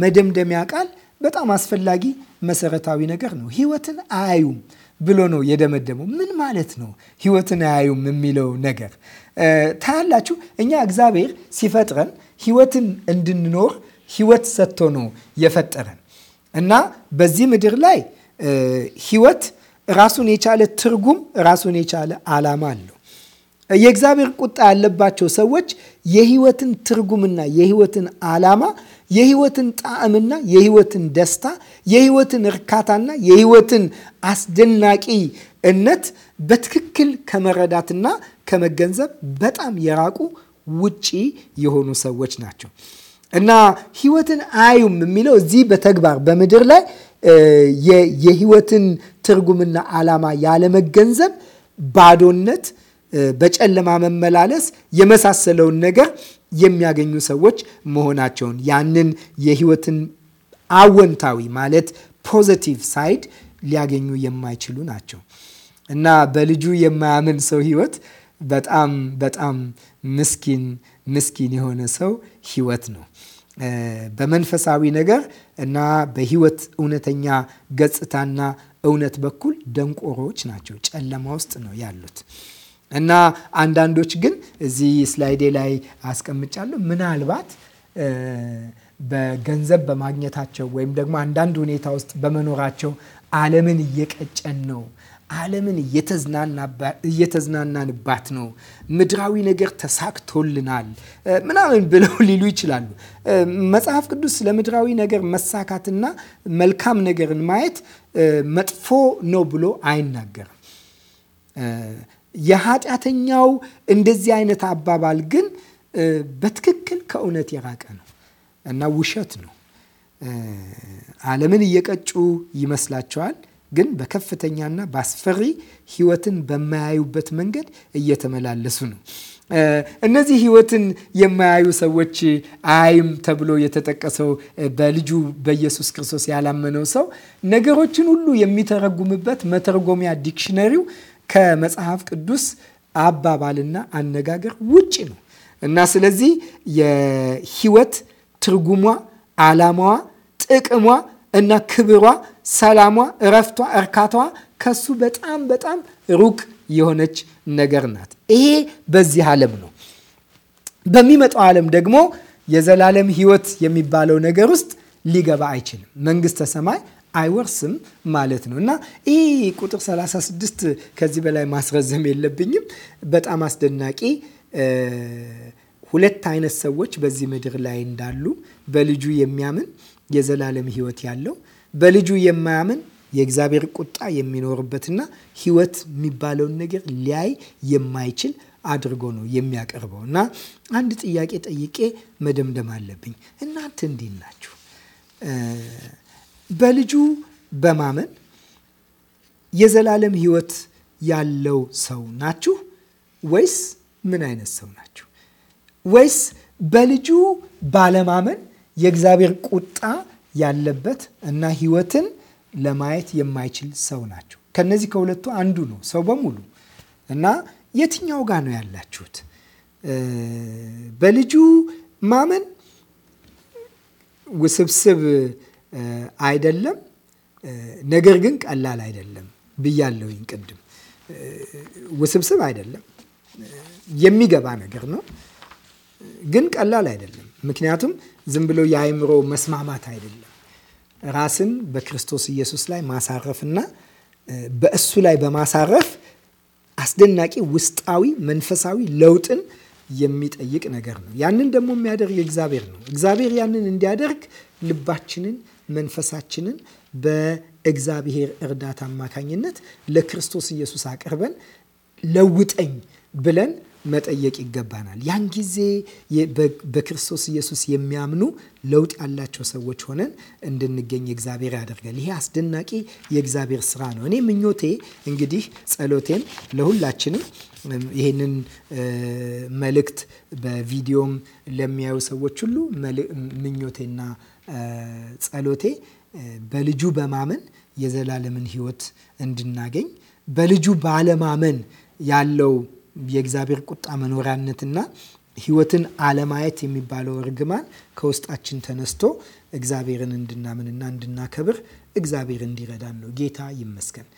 መደምደሚያ ቃል በጣም አስፈላጊ መሰረታዊ ነገር ነው። ሕይወትን አያዩም ብሎ ነው የደመደመው። ምን ማለት ነው ሕይወትን አያዩም የሚለው ነገር? ታያላችሁ፣ እኛ እግዚአብሔር ሲፈጥረን ሕይወትን እንድንኖር ህይወት ሰጥቶ ነው የፈጠረን እና በዚህ ምድር ላይ ህይወት ራሱን የቻለ ትርጉም፣ ራሱን የቻለ ዓላማ አለው። የእግዚአብሔር ቁጣ ያለባቸው ሰዎች የህይወትን ትርጉምና የህይወትን ዓላማ፣ የህይወትን ጣዕምና የህይወትን ደስታ፣ የህይወትን እርካታና የህይወትን አስደናቂነት በትክክል ከመረዳትና ከመገንዘብ በጣም የራቁ ውጪ የሆኑ ሰዎች ናቸው። እና ህይወትን አዩም የሚለው እዚህ በተግባር በምድር ላይ የህይወትን ትርጉምና ዓላማ ያለመገንዘብ፣ ባዶነት፣ በጨለማ መመላለስ የመሳሰለውን ነገር የሚያገኙ ሰዎች መሆናቸውን ያንን የህይወትን አወንታዊ ማለት ፖዘቲቭ ሳይድ ሊያገኙ የማይችሉ ናቸው እና በልጁ የማያምን ሰው ህይወት በጣም በጣም ምስኪን ምስኪን የሆነ ሰው ህይወት ነው። በመንፈሳዊ ነገር እና በህይወት እውነተኛ ገጽታና እውነት በኩል ደንቆሮዎች ናቸው። ጨለማ ውስጥ ነው ያሉት እና አንዳንዶች ግን እዚህ ስላይዴ ላይ አስቀምጫለሁ። ምናልባት በገንዘብ በማግኘታቸው ወይም ደግሞ አንዳንድ ሁኔታ ውስጥ በመኖራቸው ዓለምን እየቀጨን ነው ዓለምን እየተዝናናንባት ነው፣ ምድራዊ ነገር ተሳክቶልናል ምናምን ብለው ሊሉ ይችላሉ። መጽሐፍ ቅዱስ ለምድራዊ ነገር መሳካትና መልካም ነገርን ማየት መጥፎ ነው ብሎ አይናገርም። የኃጢአተኛው እንደዚህ አይነት አባባል ግን በትክክል ከእውነት የራቀ ነው እና ውሸት ነው። ዓለምን እየቀጩ ይመስላቸዋል። ግን በከፍተኛና በአስፈሪ ህይወትን በማያዩበት መንገድ እየተመላለሱ ነው። እነዚህ ህይወትን የማያዩ ሰዎች አይም ተብሎ የተጠቀሰው በልጁ በኢየሱስ ክርስቶስ ያላመነው ሰው ነገሮችን ሁሉ የሚተረጉምበት መተርጎሚያ ዲክሽነሪው ከመጽሐፍ ቅዱስ አባባልና አነጋገር ውጭ ነው እና ስለዚህ የህይወት ትርጉሟ፣ አላማዋ፣ ጥቅሟ እና ክብሯ ሰላሟ፣ እረፍቷ፣ እርካታዋ ከሱ በጣም በጣም ሩቅ የሆነች ነገር ናት። ይሄ በዚህ ዓለም ነው። በሚመጣው ዓለም ደግሞ የዘላለም ሕይወት የሚባለው ነገር ውስጥ ሊገባ አይችልም። መንግስተ ሰማይ አይወርስም ማለት ነው። እና ይህ ቁጥር 36 ከዚህ በላይ ማስረዘም የለብኝም። በጣም አስደናቂ ሁለት አይነት ሰዎች በዚህ ምድር ላይ እንዳሉ በልጁ የሚያምን የዘላለም ሕይወት ያለው በልጁ የማያምን የእግዚአብሔር ቁጣ የሚኖርበትና ሕይወት የሚባለውን ነገር ሊያይ የማይችል አድርጎ ነው የሚያቀርበው። እና አንድ ጥያቄ ጠይቄ መደምደም አለብኝ። እናንተ እንዲህ ናችሁ? በልጁ በማመን የዘላለም ሕይወት ያለው ሰው ናችሁ ወይስ ምን አይነት ሰው ናችሁ? ወይስ በልጁ ባለማመን የእግዚአብሔር ቁጣ ያለበት እና ህይወትን ለማየት የማይችል ሰው ናቸው። ከነዚህ ከሁለቱ አንዱ ነው ሰው በሙሉ እና የትኛው ጋር ነው ያላችሁት? በልጁ ማመን ውስብስብ አይደለም፣ ነገር ግን ቀላል አይደለም ብያለሁኝ ቅድም። ውስብስብ አይደለም የሚገባ ነገር ነው፣ ግን ቀላል አይደለም። ምክንያቱም ዝም ብሎ የአእምሮ መስማማት አይደለም። ራስን በክርስቶስ ኢየሱስ ላይ ማሳረፍና በእሱ ላይ በማሳረፍ አስደናቂ ውስጣዊ መንፈሳዊ ለውጥን የሚጠይቅ ነገር ነው። ያንን ደግሞ የሚያደርግ እግዚአብሔር ነው። እግዚአብሔር ያንን እንዲያደርግ ልባችንን፣ መንፈሳችንን በእግዚአብሔር እርዳታ አማካኝነት ለክርስቶስ ኢየሱስ አቅርበን ለውጠኝ ብለን መጠየቅ ይገባናል። ያን ጊዜ በክርስቶስ ኢየሱስ የሚያምኑ ለውጥ ያላቸው ሰዎች ሆነን እንድንገኝ እግዚአብሔር ያደርጋል። ይሄ አስደናቂ የእግዚአብሔር ስራ ነው። እኔ ምኞቴ እንግዲህ ጸሎቴም ለሁላችንም ይህንን መልእክት በቪዲዮም ለሚያዩ ሰዎች ሁሉ ምኞቴና ጸሎቴ በልጁ በማመን የዘላለምን ሕይወት እንድናገኝ በልጁ ባለማመን ያለው የእግዚአብሔር ቁጣ መኖሪያነትና ህይወትን አለማየት የሚባለው እርግማን ከውስጣችን ተነስቶ እግዚአብሔርን እንድናምንና እንድናከብር እግዚአብሔር እንዲረዳን ነው። ጌታ ይመስገን።